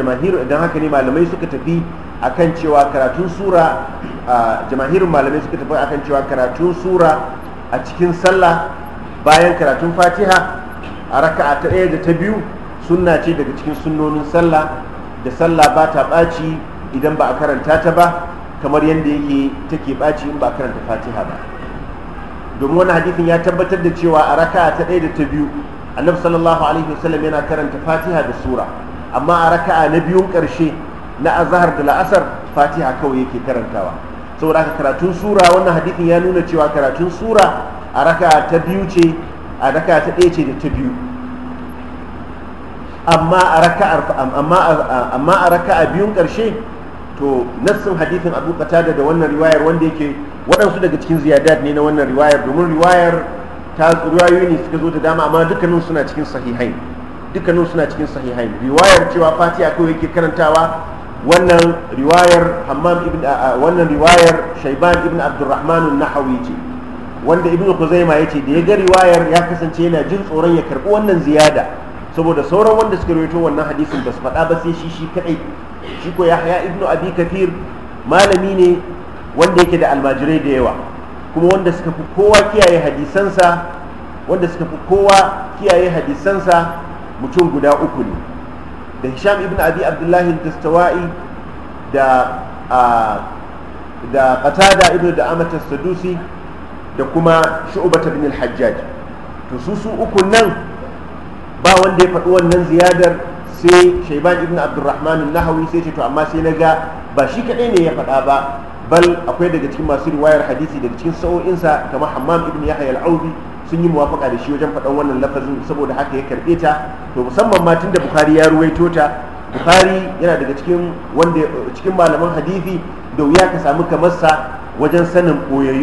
dan haka ne malamai suka tafi akan cewa karatun sura malamai suka tafi akan cewa karatun sura a cikin sallah bayan karatun fatiha a raka'a ta ɗaya da ta biyu sunna ce daga cikin sunnonin sallah da sallah ba ta ɓaci idan ba a karanta ta ba kamar yadda yake take baci in ba karanta fatiha ba domin wani hadithin ya tabbatar da cewa a raka'a ta ɗaya da ta biyu annabi sallallahu alaihi wasallam yana karanta fatiha da sura amma a raka'a na biyun karshe na azhar da la'asar fatiha kawai yake karantawa saboda haka karatun sura wannan hadithin ya nuna cewa karatun sura a raka'a ta biyu ce a ta ɗaya ce da ta biyu amma a raka'a biyun karshe. to nassin hadithin abu qatada da wannan riwayar wanda yake waɗansu daga cikin ziyadat ne na wannan riwayar domin riwayar ta riwayoyi ne suka zo da dama amma dukkanin suna cikin sahihai dukkanin suna cikin sahihai riwayar cewa fatiha kawai yake karantawa wannan riwayar hammam ibn wannan riwayar shayban ibn abdurrahman an-nahawi ce wanda ibn khuzaima yace da ya ga riwayar ya kasance yana jin tsoron ya karbi wannan ziyada saboda sauran wanda suka rawaito wannan hadisin ba su faɗa ba sai shi shi kadai shi ko yahya ibnu abi kathir malami ne wanda yake da almajirai da yawa kuma wanda suka fi kowa kiyaye hadisansa wanda suka fi kowa kiyaye hadisansa mutum guda uku ne da hisham ibnu abi abdullahi tastawa'i da da qatada ibnu da amata sadusi da kuma shu'bat ibn al-hajjaj to su su uku nan ba wanda ya faɗi wannan ziyadar sai shaiban ibn abdurrahman nahawi sai ce to amma sai na ga ba shi kaɗai ne ya faɗa ba bal akwai daga cikin masu riwayar hadisi daga cikin sa'o'insa kamar hammam ibn yahya al aubi sun yi muwafaka da shi wajen faɗan wannan lafazin saboda haka ya karɓe ta to musamman ma da bukari ya ruwaito ta bukari yana daga cikin wanda cikin malaman hadisi da wuya ka samu kamar sa wajen sanin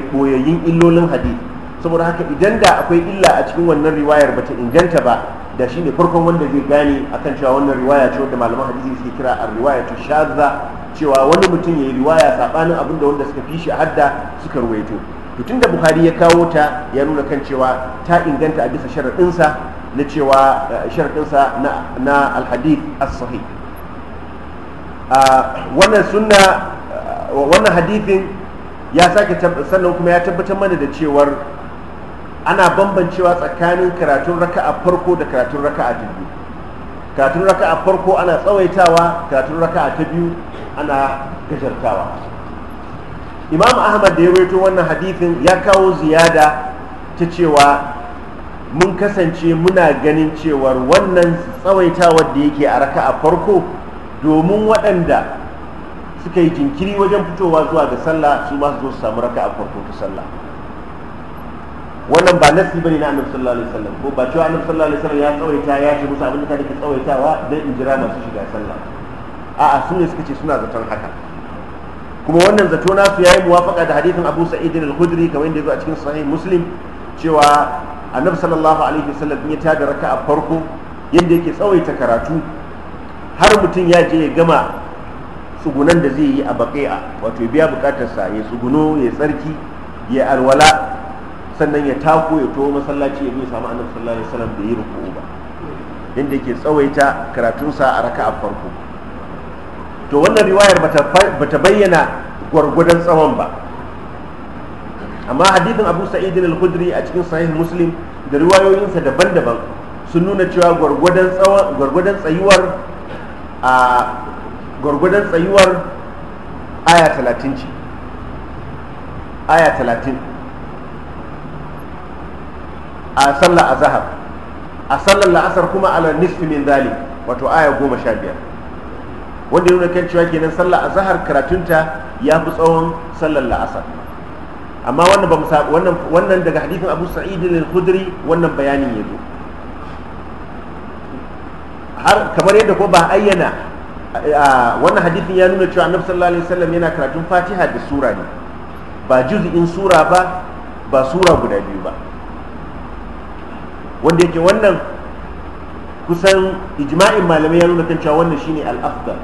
boyayyin illolin hadisi saboda haka idan da akwai illa a cikin wannan riwayar bata inganta ba da shi ne farkon wanda zai gane akan cewa wannan riwaya ce wanda malaman hadisi suke kira a riwaya ta shazza cewa wani mutum ya yi riwaya sabanin abin da wanda suka fi shi hadda suka ruwaito to tun da buhari ya kawo ta ya nuna kan cewa ta inganta a bisa sharaɗinsa na cewa eh, sharaɗinsa na alhadith as ah, wannan sunna eh, wannan hadithin ya sake sannan kuma ya tabbatar mana da cewar ana bambancewa tsakanin karatun raka a farko da karatun raka a biyu karatun raka a farko ana tsawaitawa karatun raka ta biyu ana gajartawa imam ahmad da ya waito wannan hadithin ya kawo ziyada ta cewa mun kasance muna ganin cewar wannan tsawaitawa da yake a raka a farko domin waɗanda suka yi jinkiri wajen fitowa zuwa ga sallah su masu zo su samu raka a farko ta sallah wannan ba nasi bane na annabi sallallahu alaihi wasallam ko ba cewa annabi sallallahu alaihi wasallam ya tsawaita ya ce musu abin da take tsawaitawa dan in jira masu shiga sallah a'a su ne suka ce suna zaton haka kuma wannan zato na su yayi muwafaqa da hadithin Abu Sa'id al-Khudri kamar yadda yake a cikin sahih Muslim cewa annabi sallallahu alaihi wasallam ya tada raka'a farko yadda yake tsawaita karatu har mutum ya je ya gama tsugunan da zai yi a baƙi'a wato biya sa ya tsuguno ya tsarki ya alwala sannan ya tako ya to masallaci ya nisa samu annabi sallallahu alaihi wasallam da yi ruku ba Inda yake tsawaita karatunsa a raka'a farko to wannan riwayar bata bayyana gwargwadon tsawon ba amma hadithin abu Sa'id al-khudri a cikin sahih muslim da riwayoyinsa daban-daban sun nuna cewa gwargwadon gwargwadon tsayuwar a gwargwadon tsayuwar aya 30 ce aya 30 a sallar azahar. a sallar la'asar kuma ala nisfi min zalik wato aya goma sha biyar wanda nuna kan cewa kenan sallar azahar karatunta ya fi tsawon sallar la'asar amma wannan wannan wannan daga hadithin Abu Sa'id al-Khudri wannan bayanin yazo har kamar yadda ko ba ayyana wannan hadithin ya nuna cewa Annabi sallallahu alaihi wasallam yana karatun Fatiha da sura ne ba juz'in sura ba ba sura guda biyu ba wanda yake wannan kusan ijma'in malamai ya nuna kan cewa wannan shine al-afdal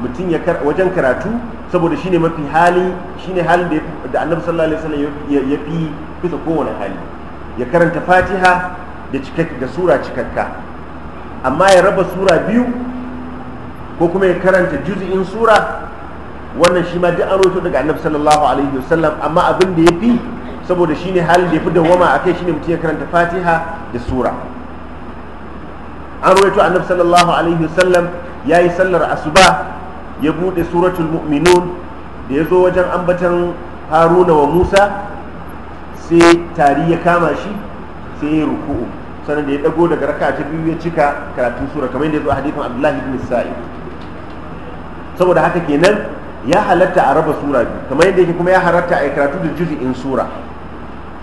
mutum ya wajen karatu saboda shine mafi hali shine hali da da Annabi sallallahu alaihi wasallam ya fi bisa kowane hali ya karanta Fatiha da da sura cikakka amma ya raba sura biyu ko kuma ya karanta juz'in sura wannan shi ma duk an roto daga Annabi sallallahu alaihi wasallam amma abin da ya fi saboda shi ne halin da ya fi dawwama a kai shine mutum ya karanta fatiha da sura an rawaito annabi sallallahu alaihi wasallam ya yi sallar asuba ya bude suratul mu'minun da ya zo wajen ambatan haruna wa musa sai tari ya kama shi sai ya ruku'u sannan da ya dago daga raka ta biyu ya cika karatun sura kamar yadda ya zo a hadithin abdullahi ibn sa'id saboda haka kenan ya halatta a raba sura biyu kamar yadda yake kuma ya halatta a yi karatu da in sura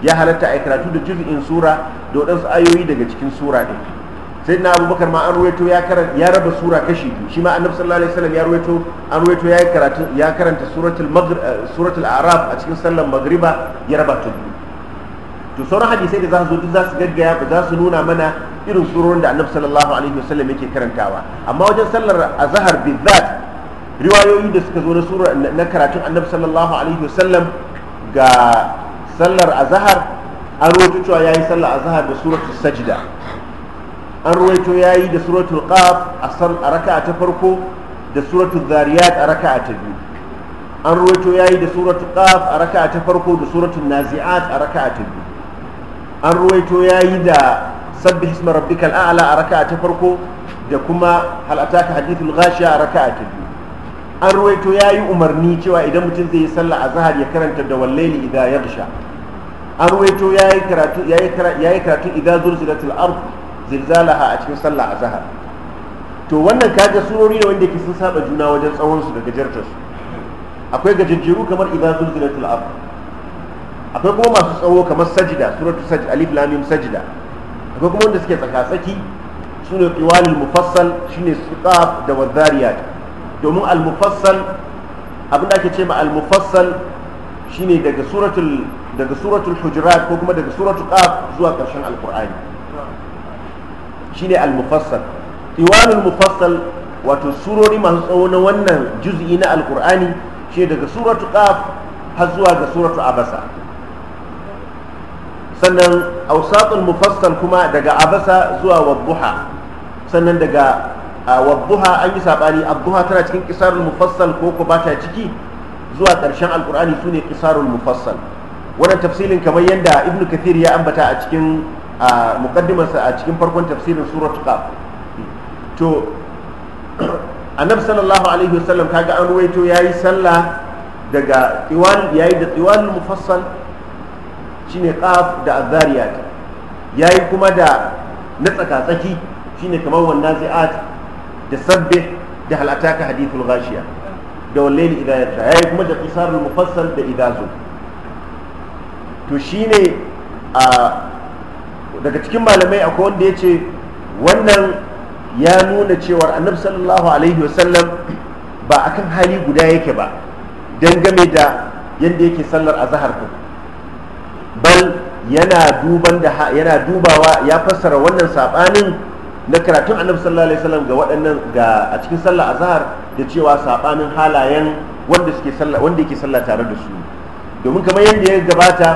ya halatta a karatu da juz'in sura da waɗansu ayoyi daga cikin sura ɗin sai na abubakar ma an ruwaito ya raba sura kashi biyu shi ma annabi sallallahu alaihi wasallam ya ruwaito an ruwaito ya karatu ya karanta suratul maghrib eh, suratul a'raf a cikin sallar maghriba ya raba ta biyu to sauran hadisai da za su zo duk za su gaggaya ba za su nuna mana irin surorin da annabi sallallahu alaihi wasallam yake karantawa amma wajen sallar azhar bizat riwayoyi da suka zo na sura na karatun annabi sallallahu alaihi wasallam ga sallar azahar, an rawaito cewa yayi sallar azahar da suratul sajda an rawaito yayi da suratul qaf a san a raka'a ta farko da suratul zariyat a raka'a ta biyu an rawaito yayi da suratul qaf a raka'a ta farko da suratul nazi'at a raka'a ta biyu an rawaito yayi da sabbih isma rabbikal a'la a raka'a ta farko da kuma hal ataka hadithul ghashiya a raka'a ta biyu an ruwaito yayi umarni cewa idan mutum zai yi sallar azhar ya karanta da wallaili idha yaghsha an ruwaito ya yi karatu ya idan ard zilzalaha a cikin sallah a azhar to wannan kaga surori ne wanda ke sun saba juna wajen tsawon su da gajartar akwai gajejjeru kamar idan zulzilatul ard akwai kuma masu tsawo kamar sajida suratu sajid alif lam mim sajida akwai kuma wanda suke tsakatsaki sune qiwalul mufassal shine da wadhariyat domin al mufassal abin da ake ce ma al mufassal shine daga suratul daga suratul hujurat ko kuma daga suratul qaf zuwa karshen alkur'ani shine al-mufassal tiwanul mufassal wato surori masu tsawo na wannan juz'i na Alƙur'ani shi daga suratul qaf har zuwa ga suratul abasa sannan awsatul mufassal kuma daga abasa zuwa wadduha sannan daga wadduha an yi sabani abduha tana cikin qisarul mufassal ko ko bata ciki zuwa karshen alkur'ani sune qisarul mufassal wannan tafsirin kamar yadda ibn kathir ya ambata a cikin mukaddimarsa a cikin farkon tafsirin suratul qaf to *clears throat* annabi sallallahu alaihi wasallam kaga an ruwaito yayi sallah daga tiwal yayi da tiwal mufassal shine qaf da azariyat yayi kuma da na tsakatsaki shine kamar wannan zi'at da sabbi da halataka hadithul ghashiya da wallahi idha yasha yayi kuma da qisarul mufassal da idazu to shine a daga cikin malamai akwai wanda ya ce wannan ya nuna cewar annabi sallallahu alaihi wasallam ba kan hali guda yake ba game da yadda yake sallar azahar ku bal yana dubawa ya fassara wannan sabanin na karatun annabi sallallahu alaihi wasallam ga waɗannan ga a cikin sallar azahar da cewa sabanin halayen wanda wanda yake sallah tare da su domin kamar yadda ya gabata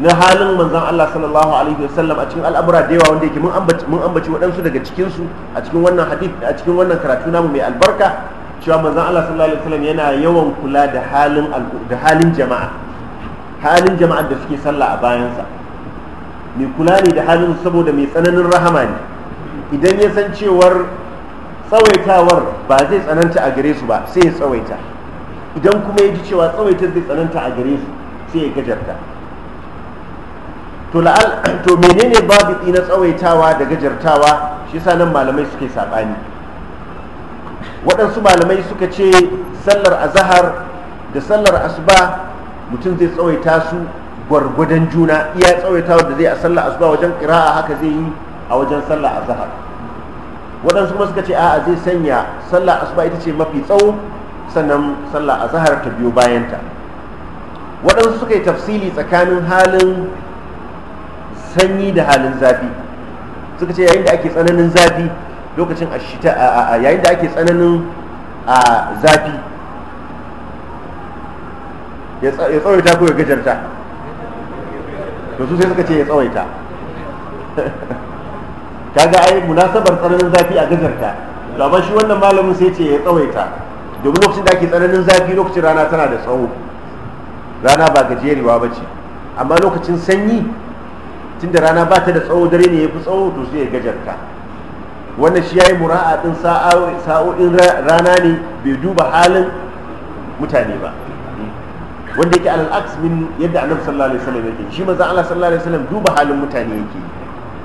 na halin manzan Allah sallallahu alaihi wasallam a cikin al'amura da yawa wanda yake mun ambaci mun ambaci waɗansu daga cikinsu a cikin wannan hadith a cikin wannan karatu namu mai albarka cewa manzan Allah sallallahu alaihi wasallam yana yawan kula da halin da halin jama'a halin jama'a da suke sallah a bayansa mai kula ne da halin saboda mai tsananin rahama ne idan ya san cewar tsawaitawar ba zai tsananta a gare su ba sai ya tsawaita idan kuma ya ji cewa tsawaitar zai tsananta a gare su sai ya gajarta to *clears throat* menene babu na tsawaitawa da gajartawa shi yasa nan malamai suke saɓani waɗansu malamai suka ce sallar azahar da sallar asuba mutum zai tsawaita su gwargwadon juna iya tsawaitawa da zai a sallar asuba wajen ƙira'a haka zai yi a wajen sallar azahar waɗansu kuma suka ce a'a zai sanya sallar asuba ita ce mafi tsawo sannan sallar azahar ta biyo bayanta waɗansu suka yi tafsili tsakanin halin sanyi da halin zafi suka ce yayin da ake tsananin zafi lokacin shita a yayin da ake tsananin a zafi ya tsawaita ko ya gajarta to su sai suka ce ya tsawaita *laughs* kaga ai munasabar tsananin zafi a gajarta to amma shi wannan malamin sai ce ya tsawaita domin lokacin da ake tsananin zafi lokacin rana tana da tsawo rana ba gajerewa ba ce amma lokacin sanyi tunda rana ba ta da tsawo dare ne ya fi tsawo to sai ya gajarta wannan shi ya yi mura'a ɗin sa'o'in rana ne bai duba halin mutane ba wanda yake al'aks min yadda annabi sallallahu alaihi wasallam yake shi maza Allah sallallahu alaihi wasallam duba halin mutane yake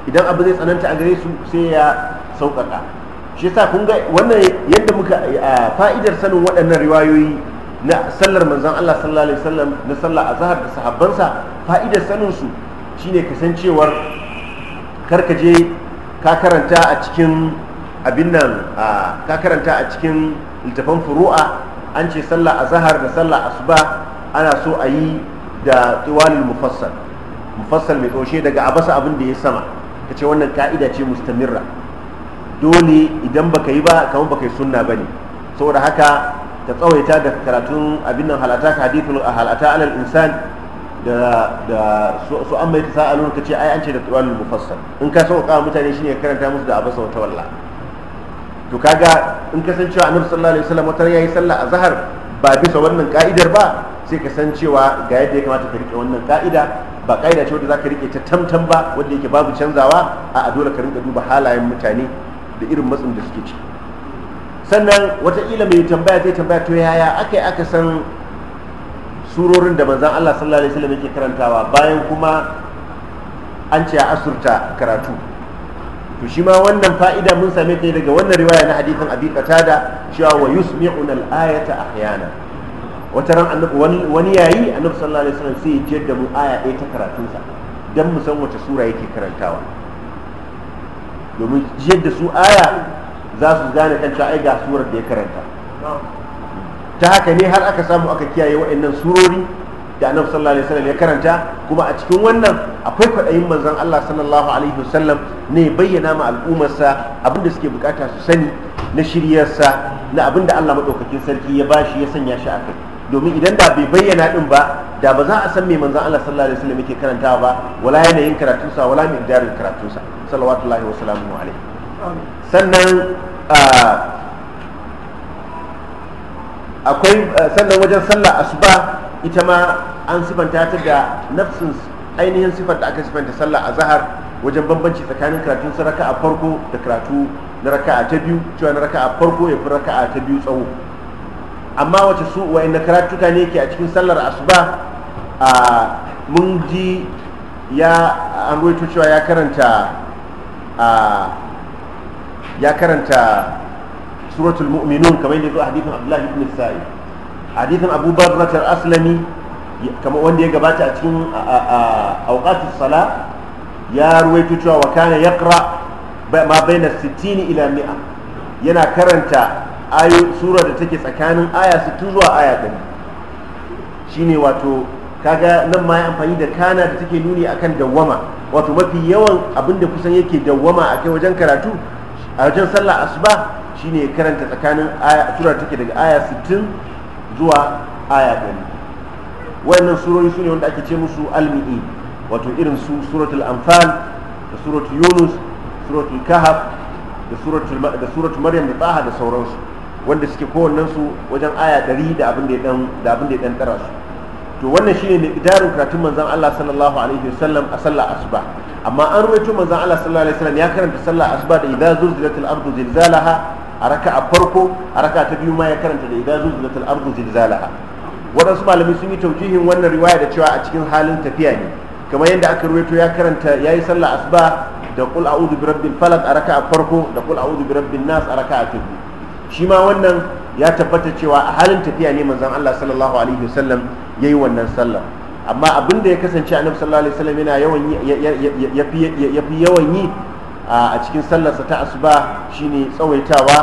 idan abu zai tsananta a gare su sai ya sauƙaƙa shi yasa kun ga wannan yadda muka fa'idar sanin waɗannan riwayoyi na sallar manzon Allah sallallahu alaihi wasallam na sallar azhar da sahabbansa fa'idar sanin su shine kasancewar karkaje ka karanta a cikin abin nan ka karanta a cikin littafan furu'a an ce sallar azhar da sallar asuba ana so a yi da tiwalul mufassal mufassal mai kaushe daga abasa abin da ya sama kace wannan ka'ida ce mustamirra dole idan baka yi ba kamar baka yi sunna bane saboda haka ta tsawaita da karatun abin nan halata ka hadithul halata alal insan da da su an mai sa'alun ka ce ai an ce da tuwalul mufassal in ka ka mutane shine karanta musu da abasa wata walla to kaga in ka san cewa annabi sallallahu alaihi wasallam wata yayi sallah a ba bisa wannan ka'idar ba sai ka san cewa ga yadda ya kamata ka rike wannan ka'ida ba ka'ida ce wadda zaka rike ta tamtam ba wanda yake babu canzawa a dole ka rinka duba halayen mutane da irin matsin da suke ciki sannan wataƙila mai tambaya zai tambaya to yaya aka yi aka san surorin da manzan Allah sallallahu alaihi wasallam yake karantawa bayan kuma an ce a asurta karatu to shi ma wannan fa'ida mun same ta daga wannan riwaya na hadithin abi qatada cewa wa yusmi'una al-ayata ahyana wata ran annabi wani yayi annabi sallallahu alaihi wasallam sai ya jiyar da mu aya ɗaya ta karatunsa dan mu san wata sura yake karantawa domin jiyar da su aya za su gane kan cewa ai ga surar da ya karanta ta haka ne har aka samu aka kiyaye waɗannan surori da annabi sallallahu alaihi wasallam ya karanta kuma a cikin wannan akwai kwaɗayin manzon Allah sallallahu alaihi wasallam ne bayyana ma al'ummarsa da suke bukata su sani na shiryarsa na da Allah madaukakin sarki ya bashi ya sanya shi a kai domin idan da bai bayyana din ba da ba za a san me manzon Allah sallallahu alaihi wasallam yake karantawa ba wala yanayin karatunsa wala mai idarin karatunsa sallallahu alaihi wasallam sannan akwai sannan wajen sallah asuba ita ma an sifanta ta da nafsin ainihin sifar da aka sifanta sallah a zahar wajen bambanci tsakanin karatun raka a farko da karatu na raka'a ta biyu cewa na a farko ya fi a ta biyu tsawo amma wace su wa'in na karatuka ne ke a cikin sallar asuba a mun ji ya an cewa ya karanta a ya karanta suratul mu'minun kamar yadda zo a hadithin abdullahi ibn sa'i hadithin abu barratar aslami kamar wanda ya gabata a cikin auqatus sala ya ruwaito cewa wa kana yaqra ma baina sittini ila 100 yana karanta ayo sura da take tsakanin aya 60 zuwa aya Shi ne wato kaga nan ma ya amfani da kana da take nuni akan dawwama wato mafi yawan abinda kusan yake dawwama kai wajen karatu a wajen sallah asuba shine ya karanta tsakanin tura sura take daga aya 60 zuwa aya 100 wayannan surori ne wanda ake ce musu almi'i wato irin su suratul anfal da suratul yunus suratul kahaf da suratul maryam da taha da sauransu wanda suke kowannen su wajen aya 100 da abin da ya dan da su to wannan shine ne idarin karatun manzan Allah sallallahu alaihi wasallam a sallah asuba amma an ruwaito manzon Allah sallallahu alaihi wasallam ya karanta sallah asuba da idza zulzilatil ardu zilzalaha a raka'a farko a raka'a ta biyu ma ya karanta da idza zulzilatil ardu zilzalaha waɗansu malamai sun yi taujihin wannan riwaya da cewa a cikin halin tafiya ne kamar yadda aka ruwaito ya karanta yayi sallah asuba da qul a'udhu birabbil falaq a raka'a farko da qul a'udhu birabbin nas a raka'a ta biyu shi ma wannan ya tabbata cewa a halin tafiya ne manzon Allah sallallahu alaihi wasallam yayi wannan sallah amma abin da ya kasance annabi sallallahu alaihi wasallam yana yawan ya fi yawan yi a cikin sallarsa ta asuba shine tsawaitawa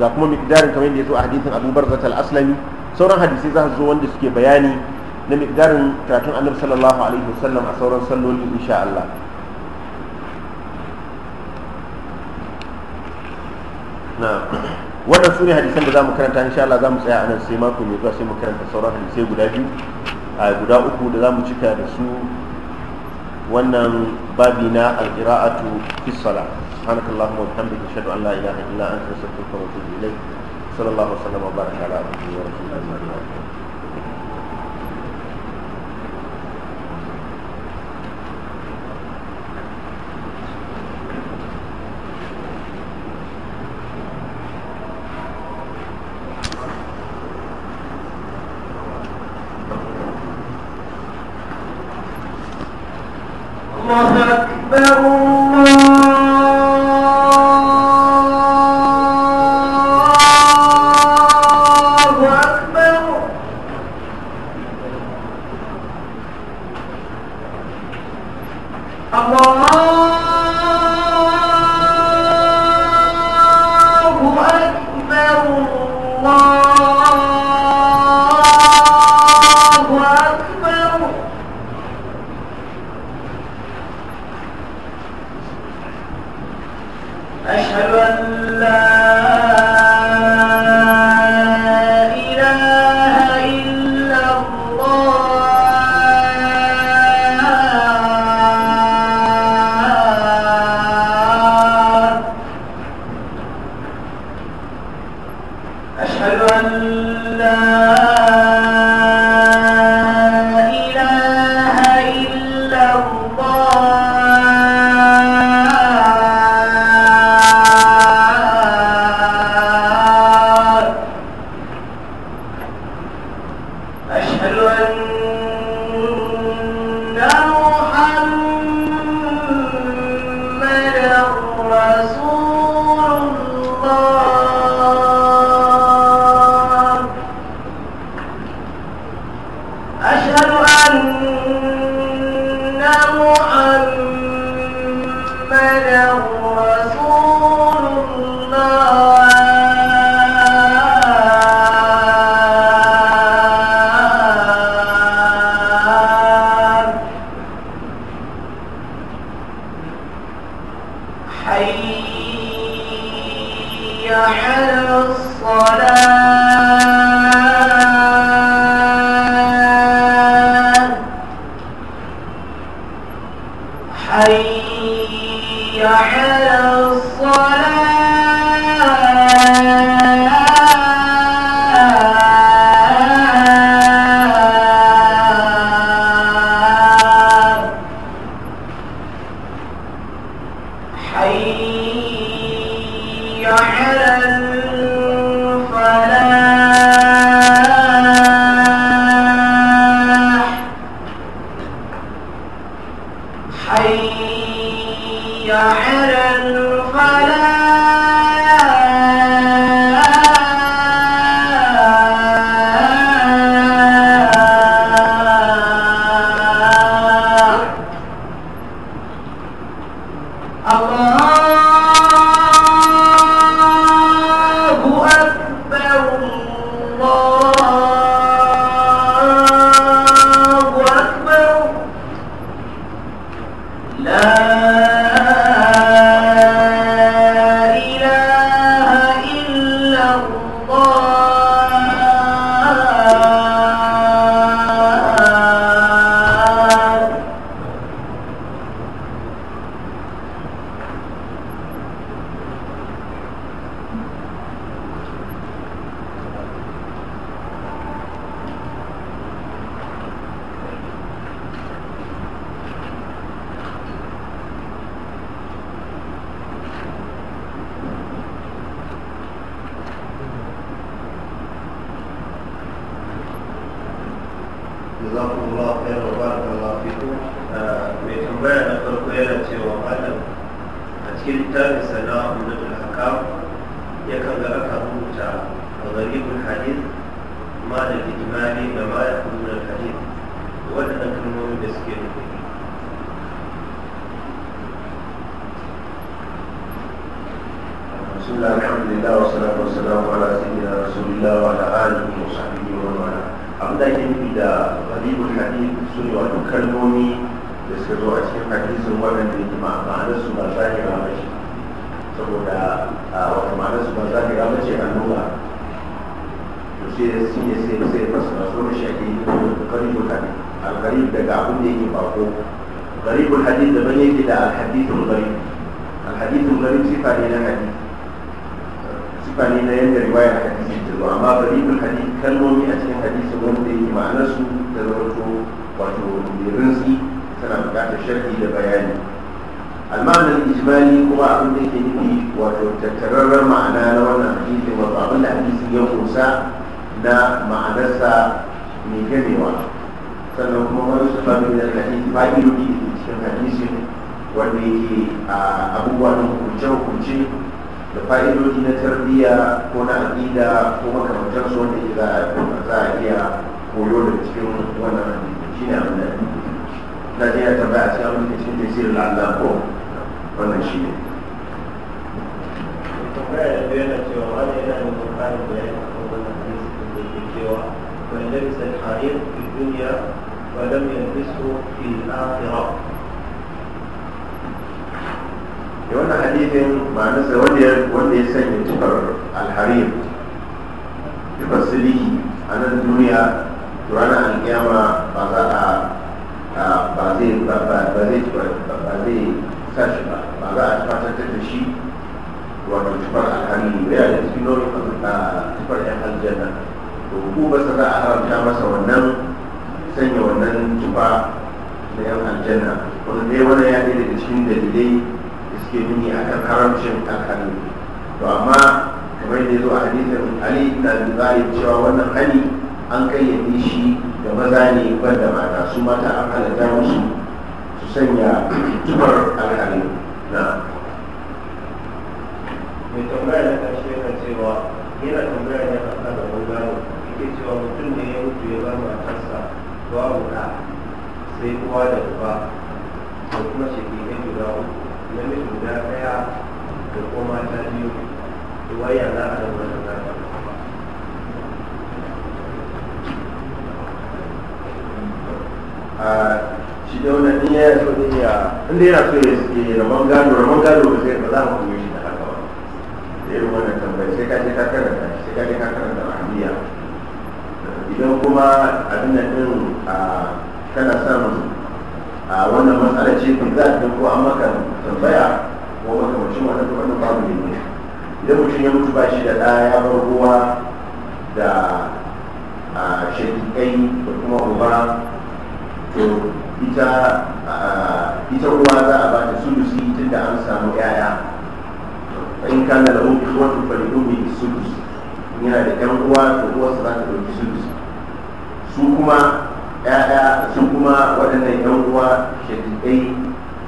ga kuma miqdarin kamar yadda ya zo a hadisin Abu Barzat al-Aslami sauran hadisai za su zo wanda suke bayani na miqdarin karatun annabi sallallahu alaihi wasallam a sauran salloli insha Allah na wannan su hadisan da za mu karanta insha Allah za mu tsaya a nan sai mako mai zuwa sai mu karanta sauran hadisai guda biyu a guda uku da za mu cika da su wannan babi na alƙira'atu fi sala سبحانك اللهم وبحمدك اشهد ان لا اله الا انت استغفرك واتوب اليك صلى الله وسلم وبارك على عبده ورسوله محمد aƙida ko makamantar su wanda za a iya koyo da cikin wannan shi ne abin da na je ya tambaya a cikin abin da cikin tasirin Allah ko wannan shi ne. tambaya da biyu yana cewa wani yana da bukari da ya kafa wannan hadisi da ke cewa wani labisa harir fi duniya wa lam yalbisu fi akhirah da wannan hadisin ma'anarsa wanda ya sanya tufar alharim sifar siliki a nan duniya ana alkiyama ba za a ba zai ba zai ba zai sashi ba ba za a ta da shi wato sifar alhari ya da cikin a sifar yan aljanna to sa za a haramta masa wannan sanya wannan tufa na yan aljanna wanda dai wani ya ɗaya daga cikin dalilai da suke nuni a kan haramcin alhari to amma kamar da zo a hadisin ali da bibari cewa wannan hali an kayyade shi da maza ne ban da mata su mata an halatta musu su sanya tubar alhali na mai tambaya na ƙarshe yana cewa yana tambaya ne a kan da bangaro yake cewa mutum ne ya mutu ya bar matarsa babu da sai uwa da uba da kuma shekirai guda uku namiji guda ɗaya da kuma mata waya za a rabu da gado a shi da wannan in yana so ne ya inda yana so ya suke ramon gado ramon gado ba sai ba za a kuma shi da haka ba Sai irin wannan tambayi sai ka je ka karanta sai ka je ka karanta ahmiya idan kuma abin nan din a kana samun a wannan matsalar ce ku za a ko an maka tambaya ko makamacin wannan wannan babu ne idan mutum ya mutu ba shi da ɗaya ya bar ruwa da shakikai da kuma uba to ita ita uwa za a bata sulusi tun da an samu yaya in kana da uku wata fari ubi sulusi yana da yan uwa to su za ta ɗauki sulusi su kuma ya'ya su kuma waɗannan yan uwa shakikai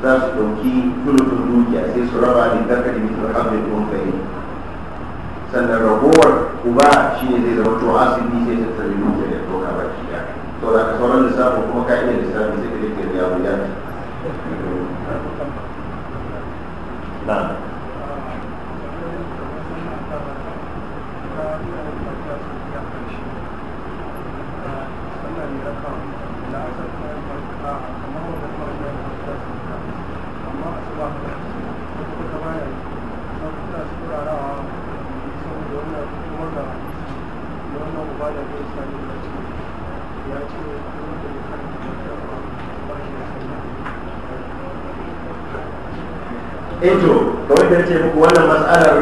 za su ɗauki tulutun dukiya sai su raba da zarka da mutum a kan da sannan ragowar uba shi ne zai zama to asibi sai ta tare dukiya da doka ba shi ya to da ka sauran lissafin kuma ka iya lissafin sai ka dake ya wuya eto ga da ce muku wannan matsalar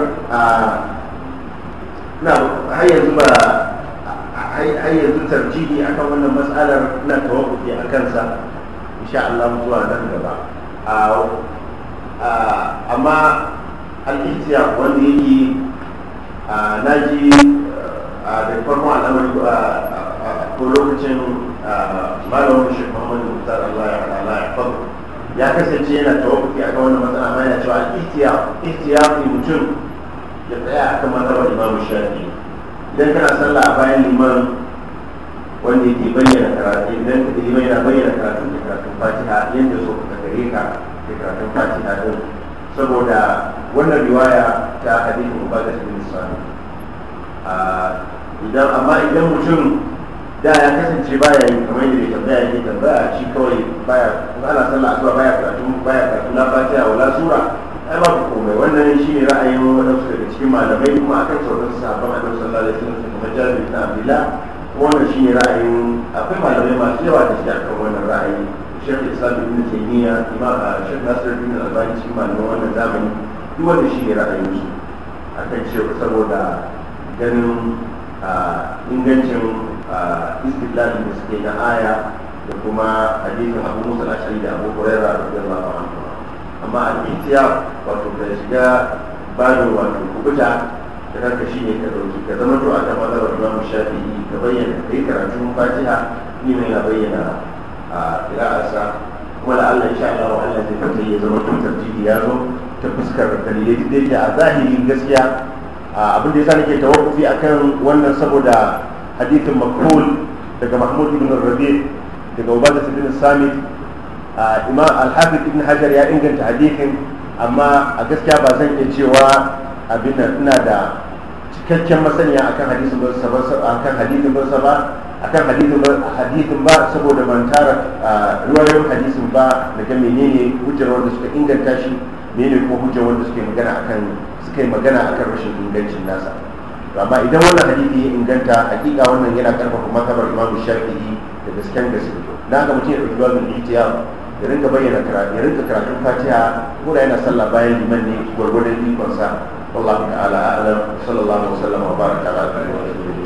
na har yanzu ba har yanzu tarjihi akan wannan matsalar na tawakkufi a kansa insha Allah zuwa nan gaba amma al-ihtiya wanda yake naji da farko al'amari ko lokacin malamin shi Muhammadu Mukhtar Allah ya Allah ya fadu ya kasance yana tawakkuki kan wannan matsala ma yana cewa ihtiyar ihtiyar mutum ya tsaya akan matsalar imamu shafi idan kana sallah a bayan liman wanda yake bayyana karatu idan liman yana bayyana karatu da karatun fatiha yadda so ka gare ka da karatun fatiha din saboda wannan riwaya ta hadithin ubadat bin sani idan amma idan mutum da ya kasance baya yi kamar yadda bai tambaya yake tambaya shi kawai baya in ana sallah addu'a baya karatu baya karatu na fatiha wala sura ai babu komai wannan shi ne ra'ayin wadansu daga cikin malamai kuma akan sauran sahabban annabi sallallahu alaihi wasallam kamar jabir ibn abdullah wannan shi ne ra'ayin akwai malamai masu yawa da suke akan wannan ra'ayi shekh islam ibn taymiya imam ah, shekh nasir ibn albani cikin malamai wannan zamani duk wanda shi ne ra'ayinsu akan cewa saboda ganin ah, ingancin ah, istidlalin da suke na aya da kuma hadisin abu musa abu ashari da abu hurairah radiyallahu amma a ya wato da shiga bado wato kubuta da karka shi ne ka dauki ka zama to a ta mazhabar imamu shafi'i ka bayyana kai karatun fatiha ni mai bayyana a qira'arsa kuma da Allah insha Allah wa Allah zai fata ya zama to tarjibi ya zo ta fuskar dalilai da yake a zahirin gaskiya abin da yasa nake tawaffufi akan wannan saboda hadithin makul daga Mahmud ibn Rabi' daga ubada bin samit imam alhafiz ibn hajar ya inganta hadithin amma a gaskiya ba zan iya cewa abin nan ina da cikakken masaniya akan hadisin ba akan ba ba akan hadisin ba hadithin ba saboda ban tara riwayoyin hadisin ba daga menene hujjar wanda suka inganta shi menene kuma hujjar wanda suka yi magana akan rashin ingancin nasa amma idan wannan hadisi ya inganta hakika wannan yana karfafa makabar imam shafi'i da gasken gaske na ga mutum ya ɗauki babin itiya ya rinka bayyana karatu ya rinka karatun fatiha ko da yana sallah bayan liman ne gwargwadon ikonsa wallahu ta'ala a'lam sallallahu alaihi wa sallam wa baraka ala alihi wa